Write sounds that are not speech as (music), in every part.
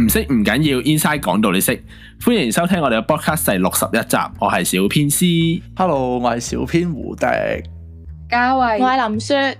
唔識唔緊要，Inside 講到你識。歡迎收聽我哋嘅 broadcast 第六十一集，我係小編師。Hello，我係小編胡迪。嘉慧維，我係林雪。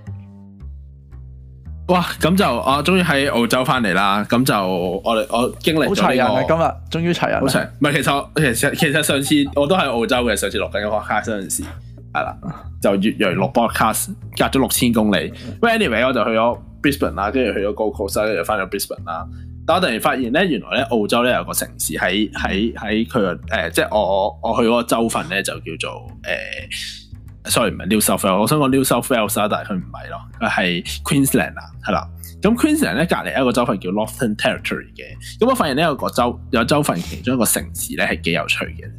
哇，咁就我終於喺澳洲翻嚟啦。咁就我哋我經歷咗呢個人今日終於齊人。好齊，唔係，其實其實其實上次我都喺澳洲嘅。上次錄緊一個 card 嗰陣時係啦，就越洋錄 broadcast 隔咗六千公里。喂 anyway，我就去咗 Brisbane 啦，跟住去咗 Gold Coast，跟住翻咗 Brisbane 啦。我突然發現咧，原來咧澳洲咧有個城市喺喺喺佢誒，即係我我去嗰個州份咧就叫做誒、呃、sorry 唔係 New South Wales，我想講 New South Wales，但係佢唔係咯，佢係 Queensland 啦，係啦。咁 Queensland 咧隔離一個州份叫 Northern Territory 嘅。咁我發現呢，有個州有州份其中一個城市咧係幾有趣嘅，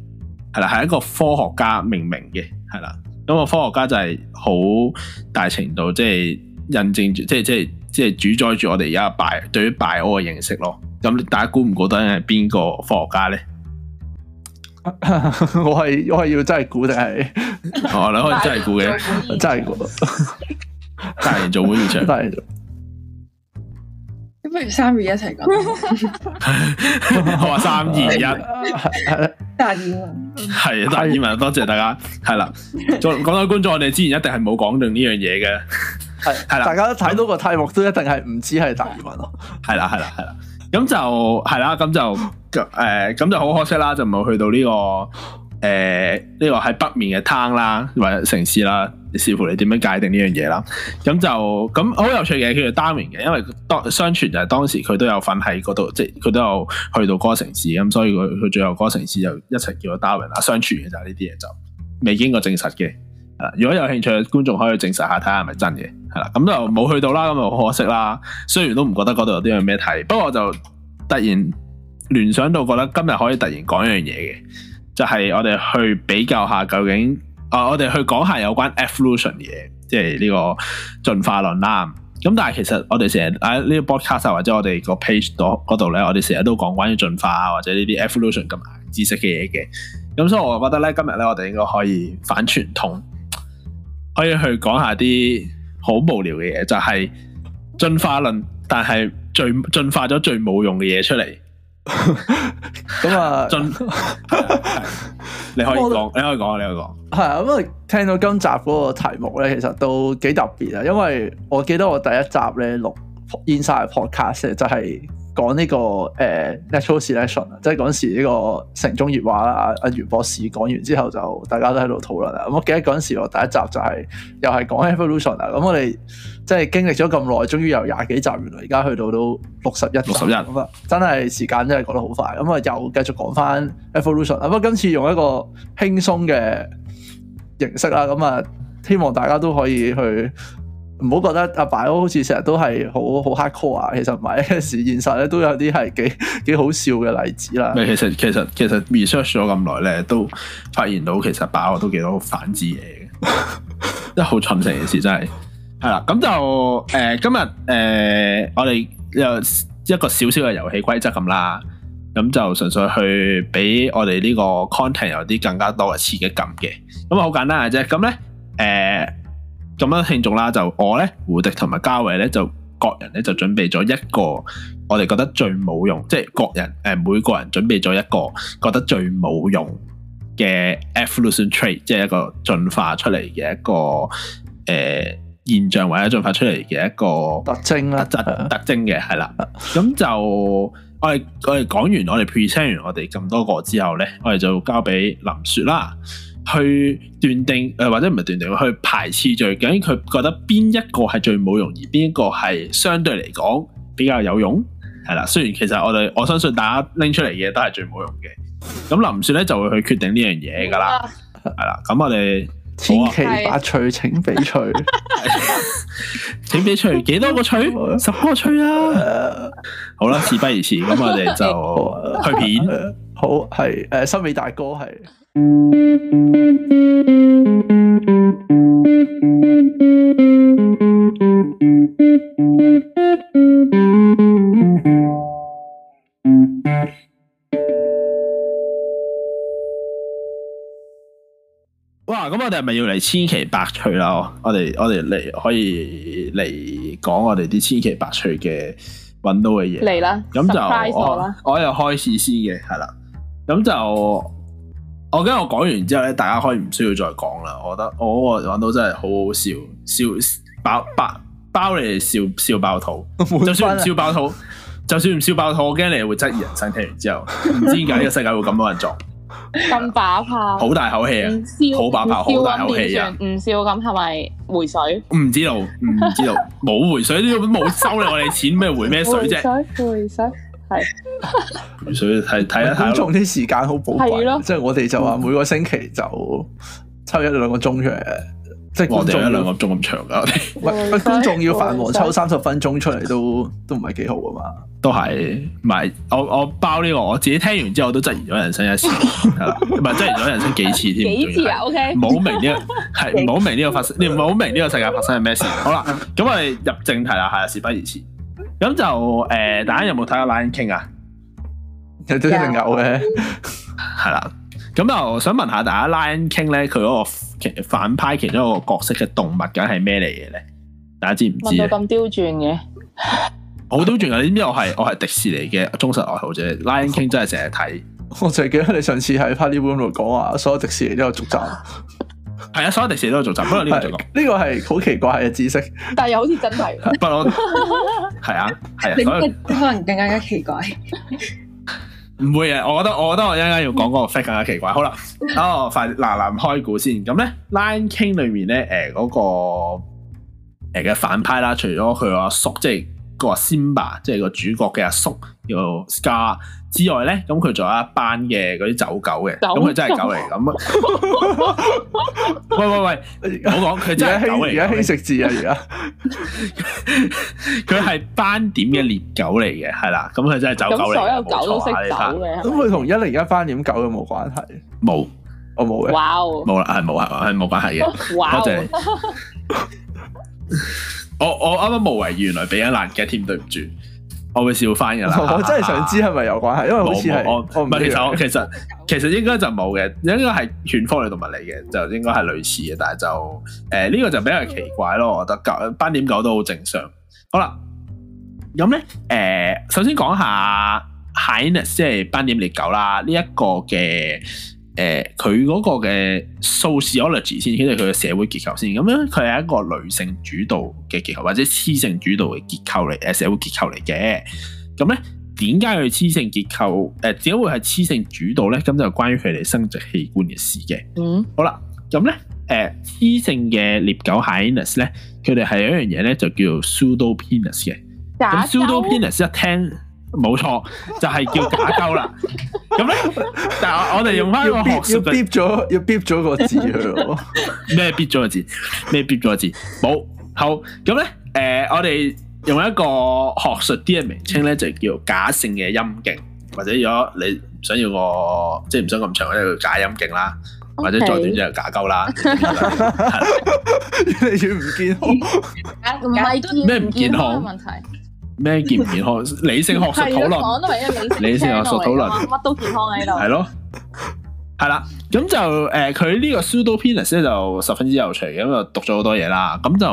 係啦，係一個科學家命名嘅，係啦。咁、那個科學家就係好大程度即係印證住，即係即係。即係主宰住我哋而家拜對於拜我嘅認識咯。咁大家估唔估得到係邊個科學家咧？我係我係要真係估定係，我諗可以真係估嘅， (laughs) 真係估。隔 (laughs) 完 (laughs) 做乜嘢場？隔完做。咁不如三二一齊講。我話三二一。達爾文。係，達爾文，多謝大家。係啦、啊，仲講多啲觀眾，我哋之前一定係冇講定呢樣嘢嘅。 (laughs) 係係啦，是的大家都睇到個題目都一定係唔知係達爾文咯。係啦係啦係啦，咁就係啦，咁就誒咁、呃、就好可惜啦，就冇去到呢、這個誒呢、呃這個喺北面嘅灘啦，或者城市啦，視乎你點樣界定呢樣嘢啦。咁就咁好有趣嘅，叫做 Darwin 嘅，因為當相傳就係當時佢都有份喺嗰度，即係佢都有去到嗰個城市，咁所以佢佢最後嗰個城市就一齊叫做 Darwin 啦，相傳嘅就係呢啲嘢，就未經過證實嘅。如果有興趣嘅觀眾可以證實下，睇下係咪真嘅，係啦。咁就冇去到啦，咁就好可惜啦。雖然都唔覺得嗰度有啲咩睇，不過我就突然聯想到覺得今日可以突然講一樣嘢嘅，就係、是、我哋去比較下究竟啊，我哋去講下有關 evolution 嘅嘢，即係呢個進化論啦。咁但係其實我哋成日喺呢個 broadcast 或者我哋個 page 度嗰度咧，我哋成日都講關於進化啊，或者呢啲 evolution 咁知識嘅嘢嘅。咁所以我覺覺得咧，今日咧我哋應該可以反傳統。可以去講下啲好無聊嘅嘢，就係、是、進化論，但係最進化咗最冇用嘅嘢出嚟。咁啊，進，你可以講我，你可以講，你可以講。係啊，咁聽到今集嗰個題目咧，其實都幾特別啊。因為我記得我第一集咧錄《Inside Podcast》就係、是。講呢、這個誒、呃、natural selection 即係嗰陣時呢個城中粵話啦，阿、啊、袁博士講完之後就大家都喺度討論啦，咁我記得嗰時我第一集就係、是、又係講 evolution 啊。咁我哋即係經歷咗咁耐，終於由廿幾集原來而家去到都六十一，六十一咁啊！真係時間真係過得好快。咁啊、e，又繼續講翻 evolution 啊。不過今次用一個輕鬆嘅形式啦，咁啊，希望大家都可以去。唔好覺得阿爸好似成日都係好好 hardcore 啊！其實唔係，有時現實咧都有啲係幾幾好笑嘅例子啦。咪其實其實其實 research 咗咁耐咧，都發現到其實爸我都幾多反智嘢嘅， (laughs) 真係好蠢成的事，成件事真係係啦。咁就誒、呃、今日誒、呃、我哋有一個小小嘅遊戲規則咁啦，咁就純粹去俾我哋呢個 content 有啲更加多嘅刺激感嘅。咁啊好簡單嘅啫。咁咧誒。呃咁樣慶祝啦！就我咧，胡迪同埋嘉偉咧，就各人咧就準備咗一個我哋覺得最冇用，即係各人誒每個人準備咗一個覺得最冇用嘅 evolution trait 即係一個進化出嚟嘅一個誒現象，或者進化出嚟嘅一個特徵啦，特特徵嘅係啦。咁就我哋我哋講完，我哋 present 完我哋咁多個之後咧，我哋就交俾林雪啦。去斷定誒、呃，或者唔係斷定，去排斥最，究竟佢覺得邊一個係最冇用，而邊一個係相對嚟講比較有用，係啦。雖然其實我哋我相信大家拎出嚟嘅都係最冇用嘅。咁林雪咧就會去決定呢樣嘢噶啦，係啦、啊。咁我哋、啊、千奇百趣，請翡翠。 (laughs) 請翡翠幾多個趣？ (laughs) 十個趣啊！Uh, 好啦、啊，事不宜遲，咁 (laughs) 我哋就去片。 (laughs) 好，係誒，森、呃、美大哥係。是哇！咁我哋係咪要嚟千奇百趣啦？我哋我哋嚟可以嚟講我哋啲千奇百趣嘅揾到嘅嘢嚟啦。咁了就我我又開始先嘅係啦。咁就我驚我講完之後咧，大家可以唔需要再講啦。我覺得我個玩到真係好好笑，笑，包包笑，笑爆爆爆你哋笑笑爆肚，就算唔笑爆肚，就算唔笑爆肚，我驚你哋會質疑人生。聽完之後，唔知點解呢個世界會咁多人作，咁爆炮，好大口氣啊！好爆炮，好 (laughs) 大口氣啊！唔笑咁係咪回水？唔知道，唔知道，冇回水，都冇 (laughs) 收你我哋錢咩？回咩水啫、啊？回水。所以睇睇下觀眾啲時間好寶貴，即係我哋就話每個星期就抽一兩個鐘出嚟，即係我哋一兩個鐘咁長噶。喂，觀眾要繁忙抽三十分鐘出嚟都都唔係幾好啊嘛。都係，唔係，我我包呢個，我自己聽完之後都質疑咗人生一次，係咪質疑咗人生幾次添？幾次啊？OK，唔好明呢個係唔好明呢個發生，你唔好明呢個世界發生係咩事？好啦，咁我哋入正題啦，係事不宜遲。咁就誒、呃，大家有冇睇過《Lion King》啊？有隻、嗯、牛嘅，係啦。 (laughs) 咁我想問，問下大家，《Lion King》咧，佢嗰個反派其中一個角色嘅動物梗係咩嚟嘅咧？大家知唔知？問到咁刁鑽嘅，好刁鑽啊，你知我係我係迪士尼嘅忠實愛好者， (laughs) 《Lion King》真係成日睇。我就記得你上次喺 Party Room 度講話，所有迪士尼都有續集。 (laughs) 係啊，所有迪士尼都有做集，不過呢個唔做。呢個係好奇怪嘅知識，但係又好似真係，不嬲。係啊，係啊，所以可能更加奇怪。唔會啊，我覺得，我覺得我一陣間要講嗰個 fact 更加奇怪。好啦，啊， (laughs) 快嗱嗱開股先。咁咧，Lion King 裏面咧，誒，嗰個誒嘅反派啦，除咗佢阿叔，即係。個 Simba 即係個主角嘅阿叔叫 Scar 之外咧，咁佢仲有一班嘅嗰啲走狗嘅，咁佢真係狗嚟。咁喂喂喂，我講佢就係狗嚟，而家係食字啊，而家佢係斑點嘅獵狗嚟嘅，係啦。咁佢真係走狗嚟，所有狗都識狗嘅。咁佢同一零一斑點狗有冇關係？冇，我冇嘅。哇，冇啦，係冇啊，係冇關係嘅。多謝！我我啱啱無為原來俾一爛嘅添，對唔住，我會笑翻㗎啦。啊、我真係想知係咪有關係，因為好似係我唔係其實我其實其實應該就冇嘅，應該係犬科類動物嚟嘅，就應該係類似嘅，但係就呢、呃這個就比較奇怪咯，我覺得狗斑點狗都好正常。好啦，咁咧、呃、首先講下 highness 即係斑點獵狗啦，呢、這、一個嘅。誒佢嗰個嘅 sociology 先，即係佢嘅社會結構先。咁、嗯、咧，佢係一個女性主導嘅結構，或者雌性主導嘅結構嚟，誒、呃、社會結構嚟嘅。咁、嗯、咧，點解佢雌性結構誒只、呃、會係雌性主導咧？咁、嗯、就是、關於佢哋生殖器官嘅事嘅、嗯。嗯。好、呃、啦，咁咧雌性嘅獵狗 hyenas 咧，佢哋係有一樣嘢咧，就叫做 pseudo penis 嘅。咁 pen 試 pseudo penis 一聽。冇錯，就係、是、叫假鳩啦。咁咧， (laughs) 但係我哋用翻個學術，要撇咗要撇咗個字咯。咩撇咗個字？咩撇咗個字？冇好。咁咧，誒、呃，我哋用一個學術啲嘅名稱咧，就叫假性嘅陰莖，或者如果你唔想要個即係唔想咁長，就是、假陰莖啦，Okay. 或者再短就假鳩啦。 (laughs) 你仲唔健康？咪都咩唔健康，健康問題？咩健唔健康？理性學術討論， (laughs) 理性學術討論，乜都健康喺度。係咯， (laughs) 係啦。咁、呃、就佢呢、呃、個 pseudo penis 咧就十分之有趣，咁就讀咗好多嘢啦。咁就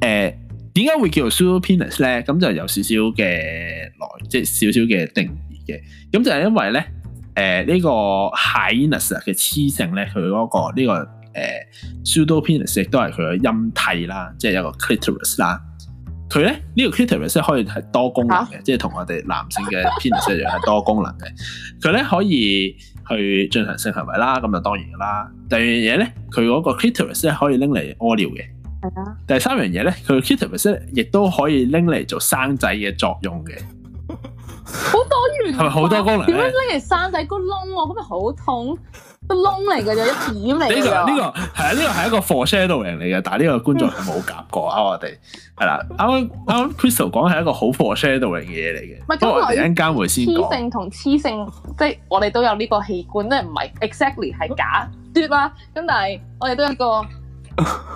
誒，點解會叫做 pseudo penis 咧？咁就有少少嘅內，即少少嘅定義嘅。咁就係因為咧，誒、呃、呢、這個 hyena 嘅雌性咧，佢嗰、那個呢、這個誒、呃、pseudo penis 都係佢嘅陰蒂啦，即係一個 clitoris 啦。佢咧呢、這個 clitoris 可以係多功能嘅，啊、即係同我哋男性嘅 penis 一樣係多功能嘅。佢咧 (laughs) 可以去進行性行為啦，咁就當然啦。第二樣嘢咧，佢嗰個 clitoris 可以拎嚟屙尿嘅。係啊的。第三樣嘢咧，佢 clitoris 亦都可以拎嚟做生仔嘅作用嘅。好 (laughs) 多元。係咪好多功能？點樣拎嚟生仔，啊？個窿咁咪好痛？窿嚟嘅咋，一點嚟嘅。呢個呢個係啊，呢個係一個 foreshadowing 嚟嘅，但係呢個觀眾係冇夾過啊， (laughs) 我哋係啦。啱啱 Crystal 講係一個好 foreshadowing 嘅嘢嚟嘅，不過我哋一間會先講。黏性同黐性，即係我哋都有呢個器官咧，唔係 exactly 係假斷啦。咁 (laughs) 但係我哋都有一個。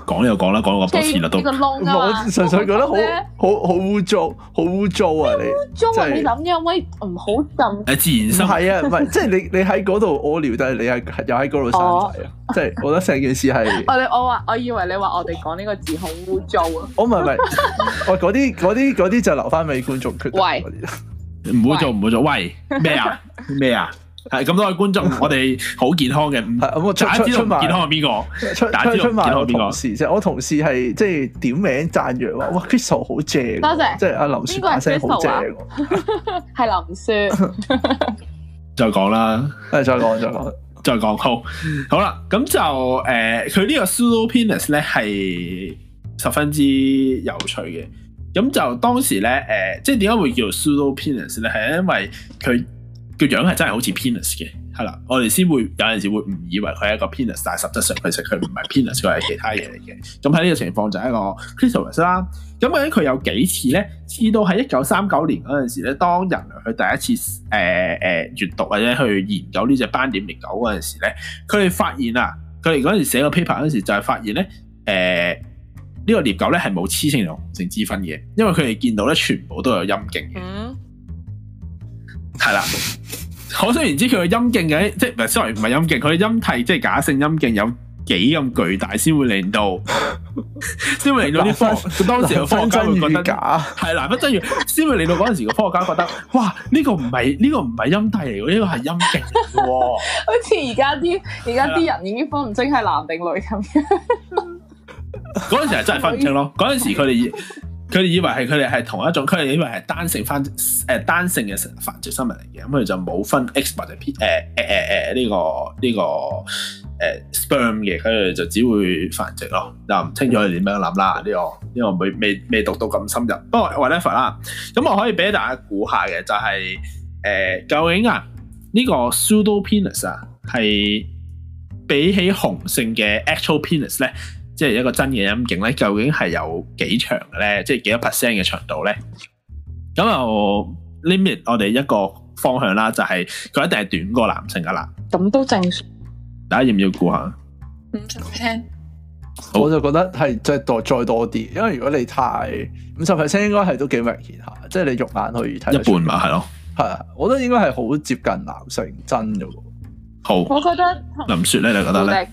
講又講啦，講咁多次啦都，我純粹覺得好，好好污糟，好污糟啊！污糟啊！你諗呢位唔好浸，自然係啊，唔係即係你你喺嗰度屙尿，但係你係又喺嗰度生仔啊！即係我覺得成件事係我我話我以為你話我哋講呢個字好污糟啊！我唔係唔係喂嗰啲嗰啲嗰啲就留翻俾觀眾決定，唔好做唔好做喂咩啊咩啊！係咁多位觀眾， (laughs) 我哋好健康嘅，係咁。我家知健康係邊個？打 (laughs) 知健康邊個？其實 (laughs) 我同事係即係點名讚揚話：， (laughs) 哇，Crystal 好正，多謝，即係阿林雪把聲好正。係 (laughs) 林雪。 (laughs) 再講啦，誒， (laughs) 再講，再講，再講。好，好啦，咁就誒，佢、呃、呢個 pseudo penis 咧，係十分之有趣嘅。咁就當時咧，誒、呃，即係點解會叫 pseudo penis 咧？係因為佢。嘅樣係真係好似 penis 嘅，係啦，我哋先會有陣時會誤以為佢係一個 penis，但係實際上其實佢唔係 penis，佢係其他嘢嚟嘅。咁喺呢個情況就係一個 c r i s t o a s 啦。咁嗰陣佢有幾次咧，至到喺一九三九年嗰陣時咧，當人去第一次誒誒、呃呃、閱讀或者去研究呢隻斑點獵狗嗰陣時咧，佢哋發現啊，佢哋嗰陣時寫個 paper 嗰陣時就係發現咧，誒、呃、呢、這個獵狗咧係冇雌性同雄性之分嘅，因為佢哋見到咧全部都有陰莖嘅，係啦、嗯。可想而知佢個陰莖嘅，即係唔係，sorry，唔係陰莖，佢陰蒂即係假性陰莖有幾咁巨大，先會令到，先 (laughs) 會令到啲、這、科、個、生當時嘅科學家會覺得係難不真。先會令到嗰陣時個科學家覺得， (laughs) 哇，呢、這個唔係呢個唔係陰蒂嚟，呢、這個係陰莖。哇， (laughs) 好似而家啲而家啲人已經分唔清係男定女咁。嗰 (laughs) 陣時係真係分唔清咯，嗰陣時佢哋。佢哋以為係佢哋係同一種，佢哋以為係單性犯誒單性嘅繁殖生物嚟嘅，咁佢哋就冇分 X 或者 P 誒誒誒呢個呢個誒 sperm 嘅，佢、呃、哋就只會繁殖咯。就唔清楚佢哋點樣諗啦。呢、這個因為、這個、未未未讀到咁深入。不過 whatever 啦，咁我可以俾大家估下嘅就係、是、誒、呃、究竟啊呢、這個 pseudo penis 啊係比起雄性嘅 actual penis 咧。O pen 即係一個真嘅陰莖咧，究竟係有幾長嘅咧？即係幾多 percent 嘅長度咧？咁又 limit 我哋一個方向啦，就係、是、佢一定係短過男性噶啦。咁都正常。大家要唔要估下？五十 percent。好我就覺得係即係再再多啲，因為如果你太五十 percent，應該係都幾明顯嚇。即係你肉眼可以睇。一半嘛，係咯。係啊，我覺得應該係好接近男性真嘅。好，我覺得林雪咧，你覺得咧？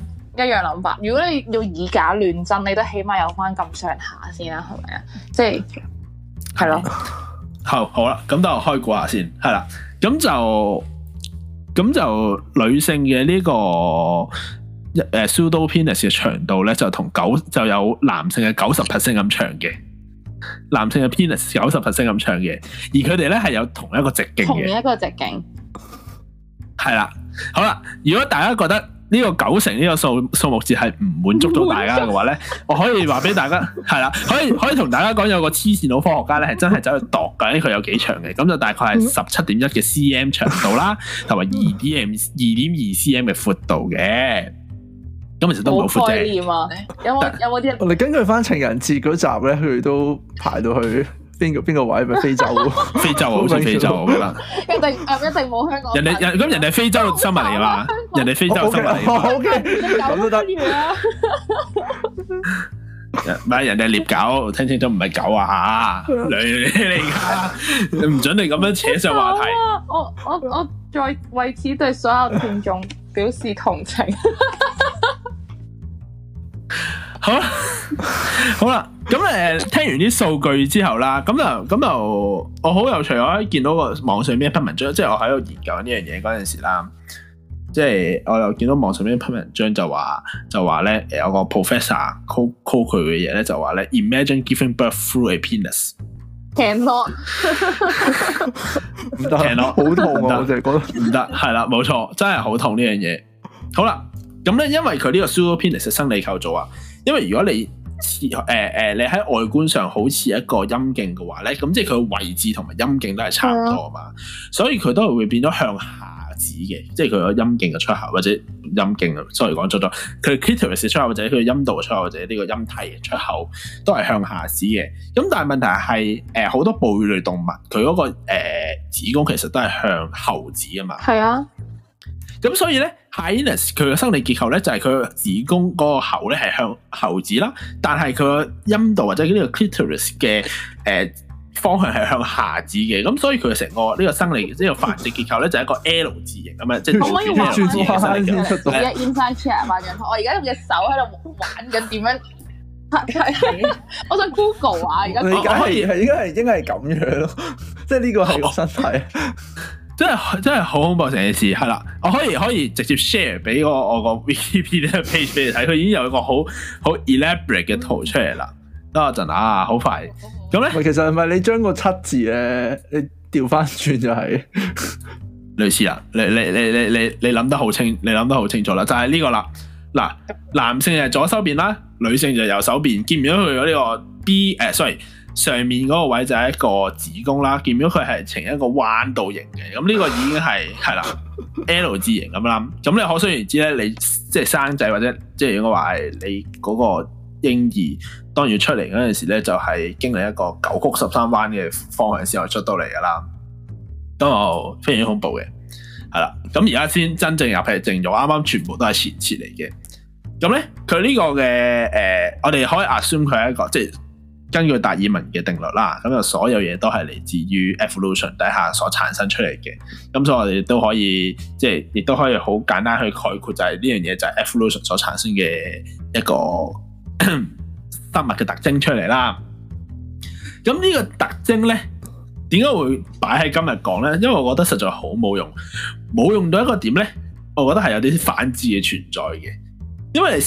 一樣諗法。如果你要以假亂真，你都起碼有翻咁上下先啦，係咪啊？即係係咯，好好啦。咁都開估下先，係啦。咁就咁就女性嘅呢個 pseudo penis 嘅長度咧，就同九就有男性嘅九十 percent 咁長嘅。男性嘅 penis 九十 percent 咁長嘅，而佢哋咧係有同一個直徑，同一個直徑。係啦，好啦，如果大家覺得。呢個九成呢個數數目字係唔滿足到大家嘅話咧，我可以話俾大家係啦， (laughs) 可以可以同大家講有個黐線佬科學家咧係真係走去度緊，佢有幾長嘅，咁就大概係十七點一嘅 cm 長度啦，同埋二 dm 二點二 cm 嘅闊度嘅。咁其實都冇概念啊，有冇有冇啲？有有 (laughs) 我哋根據翻情人節嗰集咧，佢都排到去。邊個邊個位咪非洲咯？非洲好似非洲，我諗。一定唔一定冇香港。人哋人咁人哋非洲生物嚟嘛？人哋非洲生物嚟。好嘅，咁都得。唔係人哋係獵狗，聽清楚唔係狗啊吓！你你唔准你咁樣扯上話題。我我我再為此對所有聽眾表示同情。好啦，好啦。咁誒聽完啲數據之後啦，咁就咁就我好有趣，我一見到個網上邊一篇文章，即係我喺度研究呢樣嘢嗰陣時啦，即係我又見到網上邊一篇文章就話就話咧，有個 professor call call 佢嘅嘢咧，就話咧，imagine giving birth through a penis，can not，唔得，唔得，好痛啊，我成日覺得唔得，係啦行，冇 (laughs) 錯，真係好痛呢樣嘢。好啦，咁咧因為佢呢個 surgical penis 嘅生理構造啊，因為如果你似誒誒，你喺外觀上好似一個陰莖嘅話咧，咁即係佢位置同埋陰莖都係差唔多啊嘛，的所以佢都係會變咗向下指嘅，即係佢個陰莖嘅出口或者陰莖，sorry 講錯咗，佢嘅 clitoris 出口或者佢嘅陰道出口或者呢個陰蒂嘅出口都係向下指嘅。咁但係問題係誒好多哺乳類動物佢嗰、那個、呃、子宮其實都係向後指啊嘛，係啊的，咁所以咧。Hyenas 佢嘅生理結構咧就係佢嘅子宮嗰個口咧係向後指啦，但係佢嘅陰道或者呢個 clitoris 嘅誒方向係向下指嘅，咁所以佢成個呢個生理呢、呢個繁殖結構咧就係一個 L 字形咁樣，即係。我可以話主我而家用隻手喺度玩緊點樣 (laughs) 我想 Google 啊，而家。你梗係係應該係應該係咁樣咯，即係呢個係個身體。啊。真係真係好恐怖成件事，係啦，我可以可以直接 share 俾我我個 VTP 呢個 page 俾你睇，佢已經有個好好 elaborate 嘅圖出嚟啦。等我陣啊，好快咁咧？其實係咪你將個七字咧，你調翻轉就係、是、 (laughs) 類似啊。你你你你你你諗得好清，你諗得好清楚啦，就係、是、呢個啦。嗱，男性就係左手邊啦，女性就係右手邊，見唔到佢咗呢個 B？誒、哎、，sorry。上面嗰個位就係一個子宮啦，見到佢係呈一個彎道型嘅，咁呢個已經係係啦 L 字形咁啦，咁你可想而知咧，你即係生仔或者即係應該話係你嗰個嬰兒當要出嚟嗰陣時咧，就係、是、經歷一個九曲十三彎嘅方向先可以出到嚟噶啦，咁又非常恐怖嘅，係啦，咁而家先真正入係正咗，啱啱全部都係前設嚟嘅，咁咧佢呢個嘅誒、呃，我哋可以 assume 佢係一個即係。根據達爾文嘅定律啦，咁就所有嘢都係嚟自於 evolution 底下所產生出嚟嘅，咁所以我哋都可以即係，亦都可以好簡單去概括就係呢樣嘢就係 evolution 所產生嘅一個生物嘅特徵出嚟啦。咁呢個特徵咧，點解會擺喺今日講咧？因為我覺得實在好冇用，冇用到一個點咧，我覺得係有啲反智嘅存在嘅，因為。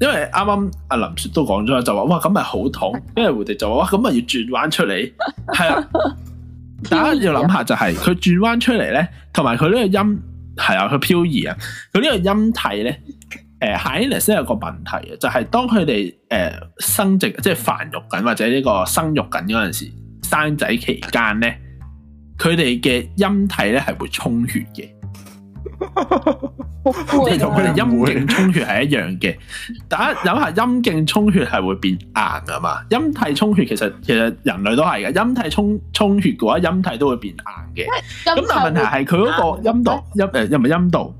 因為啱啱阿林雪都講咗，就話哇咁咪好痛，因為蝴蝶就話哇咁咪要轉彎出嚟，係啦， (laughs) 大家要諗下就係、是、佢轉彎出嚟咧，同埋佢呢個音係啊，佢漂移啊，佢呢個音體咧，誒、呃，蟹尼斯有個問題啊，就係、是、當佢哋誒生殖即係繁育緊或者呢個生育緊嗰陣時，生仔期間咧，佢哋嘅音體咧係會充血嘅。即係同佢哋陰莖充血係一樣嘅，大家諗下陰莖充血係會變硬噶嘛？陰蒂充血其實其實人類都係嘅，陰蒂充充血嘅話陰蒂都會變硬嘅。咁陰蒂但係問題係佢嗰個陰道陰誒，又唔係陰道，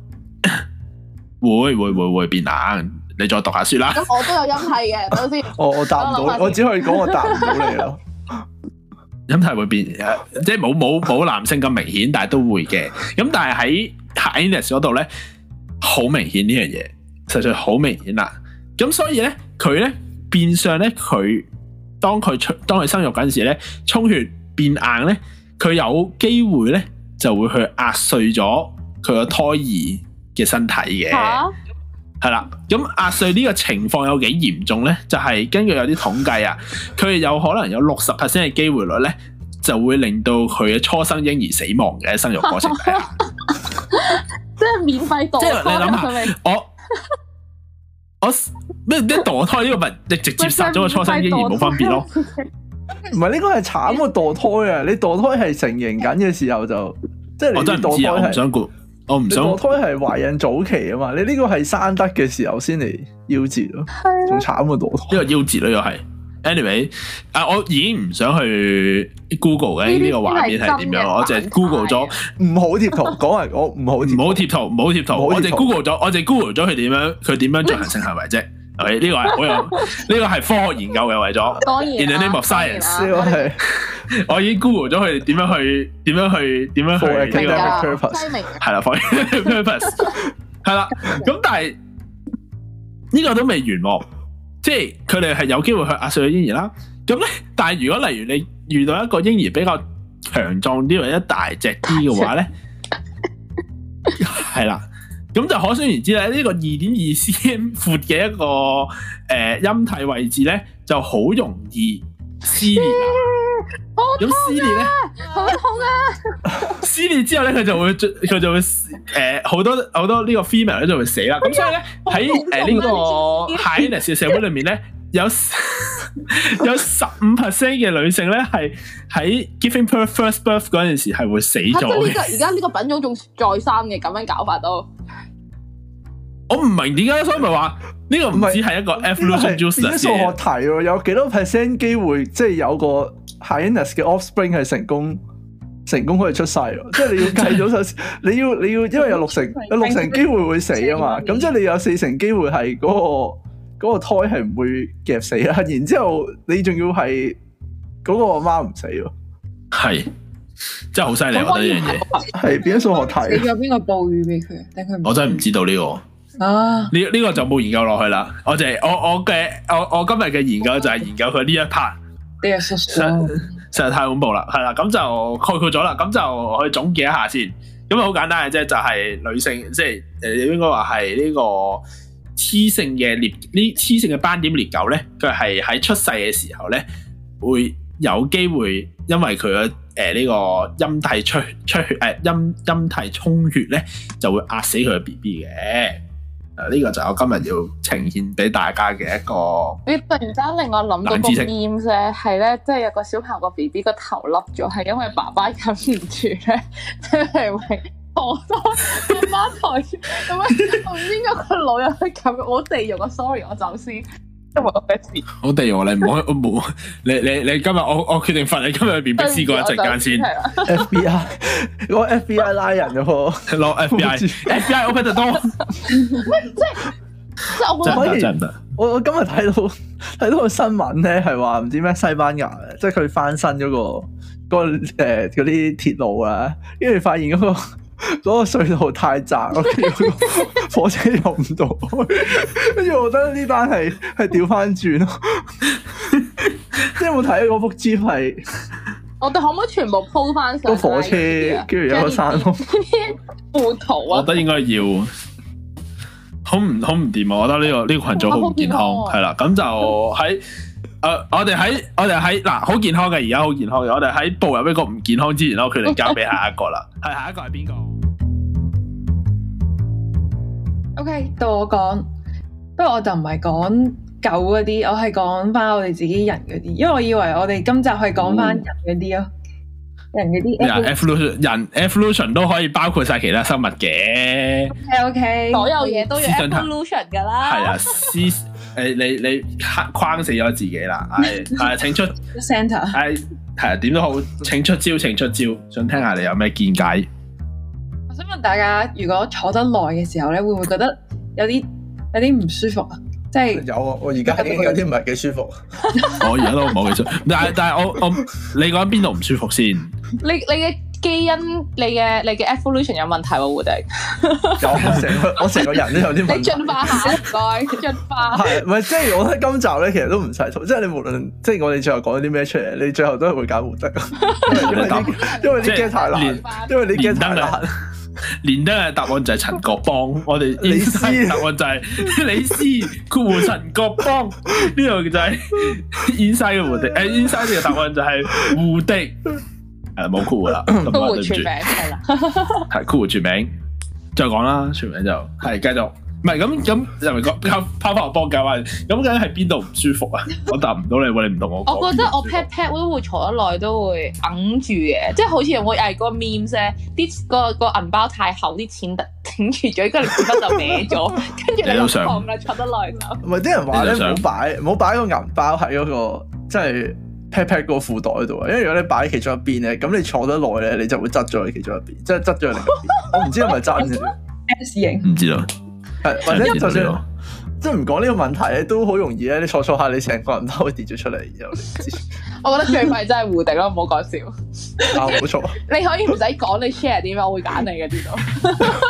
會會會會變硬。你再讀下書啦。我都有陰蒂嘅，等先。我答我答唔到， (laughs) 我只可以講我答唔到了你咯。陰蒂 (laughs) 會變，即係冇冇冇男性咁明顯，但係都會嘅。咁但係喺泰尼斯嗰度咧，好明顯呢樣嘢，實在好明顯啦。咁所以咧，佢咧變相咧，佢當佢出當佢生育嗰陣時咧，充血變硬咧，佢有機會咧就會去壓碎咗佢個胎兒嘅身體嘅。係啦、啊，咁壓碎呢個情況有幾嚴重咧？就係、是、根據有啲統計啊，佢有可能有六十 percent 嘅機會率咧，就會令到佢嘅初生嬰兒死亡嘅生育過程底下。 (laughs) (laughs) 即係免費墮胎了，即，你諗下，我 (laughs) 我咩咩墮胎呢個咪直接殺咗個初生嬰兒冇分別咯？唔係呢個係慘過墮胎啊！你墮胎係成型緊嘅時候就即係你真係墮胎係想過，我唔想墮胎係懷孕早期啊嘛！你呢個係生得嘅時候先嚟夭折咯，仲慘是、啊、過墮胎呢個夭折啦又係。Anyway，啊，我已經唔想去 Google 嘅呢個畫面係點樣，我淨係 Google 咗唔好貼圖。講係我唔好唔好貼圖，唔好貼圖。我淨係 Google 咗，我淨係 Google 咗佢點樣，佢點樣進行性行為啫？呢個係好有？呢個係科學研究嘅為咗，in the name of science 我已經 Google 咗佢點樣去，點樣去，點樣去係啦，for purpose，係啦。咁但係呢個都未完即係佢哋係有機會去壓碎個嬰兒啦，咁咧，但係如果例如你遇到一個嬰兒比較強壯啲或者大隻啲嘅話咧，係啦太小，咁 (laughs) 就可想而知啦。呢個二點二 cm 闊嘅一個誒、呃、音體位置咧，就好容易。撕裂啊！咁撕裂咧，好痛啊！撕裂、啊、之後咧，佢 (laughs) 就會佢就會誒，好、呃、多好多呢個 female 咧就會死啦。咁、哎、呀所以咧喺誒呢個 happiness 嘅社會裏面咧，有 (laughs) 有十五 percent 嘅女性咧係喺 giving her first birth 嗰陣時係會死咗呢嘅。而家呢個品種仲再三嘅，咁樣搞法都。我唔明點解，所以咪話呢個唔只係一個 evolution 嘅數學題咯，有幾多 percent 機會即係有個 hyenas 嘅 offspring 係成功成功，可以出世咯，即係你要計咗你要你要，因為有六成有六成機會會死啊嘛，咁即係你有四成機會係嗰個個胎係唔會夾死啦，然之後你仲要係嗰個媽唔死咯，係真係好犀利，我覺得呢樣嘢係變咗數學題。俾咗邊個暴雨俾佢，佢我真係唔知道呢個。啊！呢呢個就冇研究落去啦，我就我我嘅，我我今日嘅研究就係研究佢呢一 part，實實在太恐怖啦，係啦，咁就概括咗啦，咁就去總結一下先，咁好簡單嘅啫，就係女性即係誒應該話係呢個雌性嘅鬣呢雌性嘅斑點鬣狗咧，佢係喺出世嘅時候咧，會有機會因為佢嘅誒呢個陰蒂出出血誒陰陰蒂充血咧，就會壓死佢嘅 B B 嘅。呢個就係我今日要呈現俾大家嘅一個，你突然間令我諗到部 g a m 咧，係咧，即係有個小朋友個 B B 個頭笠咗，係因為爸爸忍唔住咧，即係為何多？ (laughs) (laughs) 我媽台咁樣，點解個老人去撳？我地用個 sorry，我先走先。今日我 f 你唔可以冇， (laughs) 你你你今日我我決定罰你今日入邊，逼思過一陣間先。FBI 我 FBI 拉人嘅、那、喎、個，攞 FB，FBI open 得多。即係我我今日睇到睇到個新聞咧，係話唔知咩西班牙，即係佢翻新嗰、那個、那個誒嗰啲鐵路啊，跟住發現嗰、那個。嗰個隧道太窄，個火車入唔到。跟住 (laughs) 我覺得呢單係係掉翻轉咯，即係 (laughs) (laughs) 我睇嗰幅圖係，我哋可唔可以全部鋪翻上個火車，跟住有個山峰，呢啲啊？我覺得應該要，好唔好唔掂啊？我覺得呢個呢群組好唔健康，係 (laughs) 啦。咁就喺誒、呃，我哋喺我哋喺嗱，好健康嘅，而家好健康嘅，我哋喺步入一個唔健康之前，我決定交俾下一個啦。係 (laughs) 下一個係邊個？O、okay, K，到我講，不過我就唔係講狗嗰啲，我係講翻我哋自己人嗰啲，因為我以為我哋今集係講翻人嗰啲咯，人嗰啲。的 evolution, 人 evolution，人 evolution 都可以包括晒其他生物嘅。O O K，所有嘢都要 evolution 㗎喇。係啊的，思誒， (laughs) 你你，你框死咗自己啦，係係， (laughs) 請出 The center，係係點都好，請出招，請出招，想聽下你有咩見解。想問大家，如果坐得耐嘅時候咧，會唔會覺得有啲有啲唔舒服啊？即係有啊，我而家有啲唔係幾舒服。 (laughs) 我而家都冇幾舒服，但係但係我我你講邊度唔舒服先？你你嘅基因、你嘅你嘅 evolution 有問題喎，啊，胡迪。成 (laughs) 我成個，個人都有啲。你進化下唔該進化。係 (laughs) 唔係即係我覺得今集咧，其實都唔使即係你無論即係我哋最後講啲咩出嚟，你最後都係會揀胡迪，因為啲因為啲基因太難，因為你基因太難。連登嘅答案就係陳國邦，我哋燕西嘅答案就係、是、李斯，括弧陳國邦。呢度就係燕西嘅胡迪，誒，燕西呢個答案就係、啊、 (coughs) 胡迪，誒，冇括弧啦，咁啊對唔住，係括弧全名，再講啦，全名就係繼續。唔係咁咁又咪靠靠趴波博嘅嘛？咁究竟係邊度唔舒服啊？我答唔到你喎，你唔同我講我。我覺得我 pat pat 都會坐得耐，都會揈住嘅，即係好似我嗌嗰個 m i m 啲個個銀包太厚，啲錢頂住咗，跟住紙巾就歪咗，跟住你都你想啊坐得耐唔係啲人話咧，唔好擺唔好擺個銀包喺嗰、嗰個即係 pat pat 個褲袋度啊，因為如果你擺喺其中一邊咧，咁你坐得耐咧，你就會側咗喺其中一邊，即係側咗喺，我唔知係咪側型，唔知啊。或者就算即係唔講呢個問題咧，都好容易咧，你坐坐下你成個人都跌咗出嚟又唔知，不知。我覺得最快真係胡迪咯，唔好講笑。冇錯？你可以唔使講你 share 點，我會揀你嘅知道。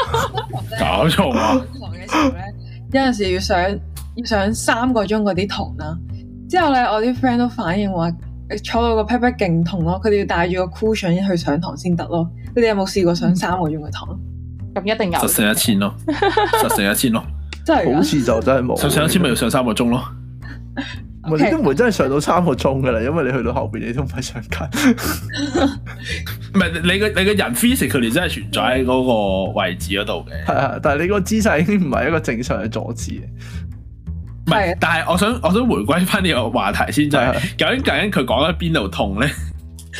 (laughs) 搞錯啊？ (laughs) 上堂嘅時候咧，有陣時要上要上三個鐘嗰啲堂啦，之後咧我啲 friend 都反映話，坐到個 pat pat 勁痛咯，佢哋要帶住個 cushion 去上堂先得咯。你哋有冇試過上三個鐘嘅堂？咁一定有，實成一千咯，實成 (laughs) 一千咯，真係 (laughs) 好似就真係冇，實成一千咪要上三個鐘咯，唔 Okay, 會真係上到三個鐘噶啦，因為你去到後邊你都唔係上緊，唔 (laughs) 係 (laughs) 你個你個人 physically 真係存在喺嗰個位置嗰度嘅，係啊，但係你個姿勢已經唔係一個正常嘅坐姿。嘅的，唔係，但係我想我想回歸翻呢個話題先，就係的究竟究竟佢講喺邊度痛咧？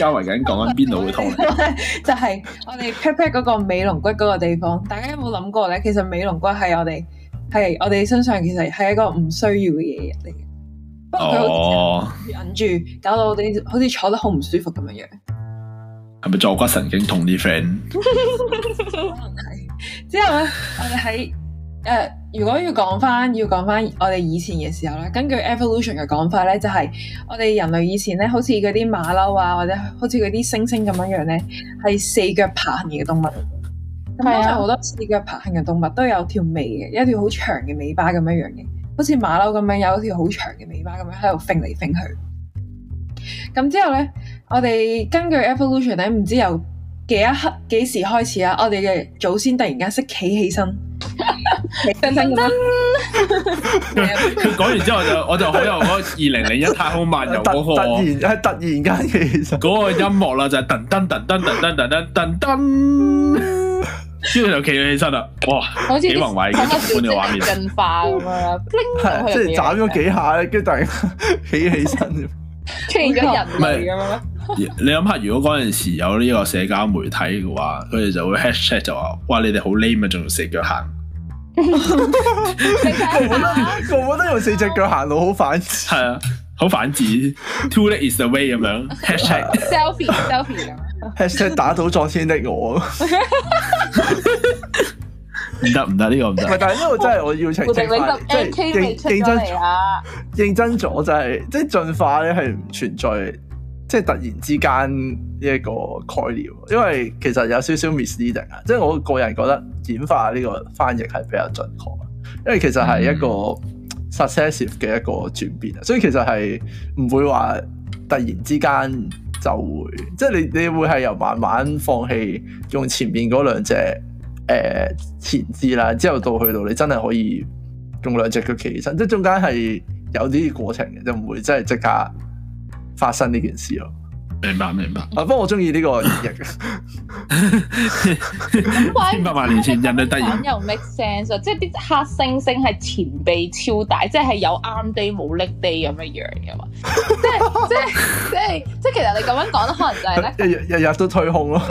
交圍緊講緊邊度會痛？ (laughs) 就係我哋 pat pat 嗰個尾龍骨嗰個地方， (laughs) 大家有冇諗過咧？其實尾龍骨係我哋係我哋身上，其實係一個唔需要嘅嘢嚟嘅。不過佢好似忍住，oh. 搞到我哋好似坐得好唔舒服咁樣樣。係咪坐骨神經痛啲 friend？可能係。之後咧，我哋喺。誒，uh, 如果要講翻，要講翻我哋以前嘅時候咧，根據 evolution 嘅講法咧，就係、是、我哋人類以前咧，好似嗰啲馬騮啊，或者好似嗰啲猩猩咁樣樣咧，係四腳爬行嘅動物。咁通常好多四腳爬行嘅動物都有條尾嘅，一條好長嘅尾巴咁樣樣嘅，好似馬騮咁樣有一條好長嘅尾巴咁樣喺度揈嚟揈去。咁之後咧，我哋根據 evolution 咧，唔知由幾一刻幾時開始啊？我哋嘅祖先突然間識企起身。佢講完之後就我就好用嗰二零零一太空漫遊嗰個，突然係突然間起身，嗰個音樂啦就噔噔噔噔噔噔噔噔，跟住就企咗起身啦，哇，幾宏偉嘅，好靚嘅畫面，進化咁樣，即係斬咗幾下，跟住突然起起身，出現咗人形咁樣。你諗下，如果嗰陣時有呢個社交媒體嘅話，佢哋就會 hashtag 就話，哇，你哋好 lame 啊，仲要四腳行。我覺得用四隻腳行路好反，係啊，好反智。啊、Two legs is the way 咁 (laughs) 樣。Hashtag selfie 咁。Hashtag 打倒昨天的我。唔得唔得，呢個唔得。唔係，但係呢個真係我要請即 (laughs) 認真下，認真咗就係、是、即、就是、進化咧，係唔存在。即係突然之間呢一個概念，因為其實有少少 misleading 啊！即係我個人覺得演化呢個翻譯係比較準確，因為其實係一個 successive 嘅一個轉變啊，嗯、所以其實係唔會話突然之間就會，即係你你會係由慢慢放棄用前面嗰兩隻、呃、前肢啦，之後到去到你真係可以用兩隻腳企起身，即係中間係有啲過程嘅，就唔會真係即刻。發生呢件事咯，明白明白、啊。不過我中意呢個億， (laughs) (laughs) 千百萬年前人類第一。 (laughs) 這有 make sense？、啊、即係啲黑猩猩係前臂超大，即係有啱 day 冇力 day 咁樣樣嘅嘛？即係即係即係即其實你咁樣講，可能就係 (laughs) 日日日都退控咯。 (laughs)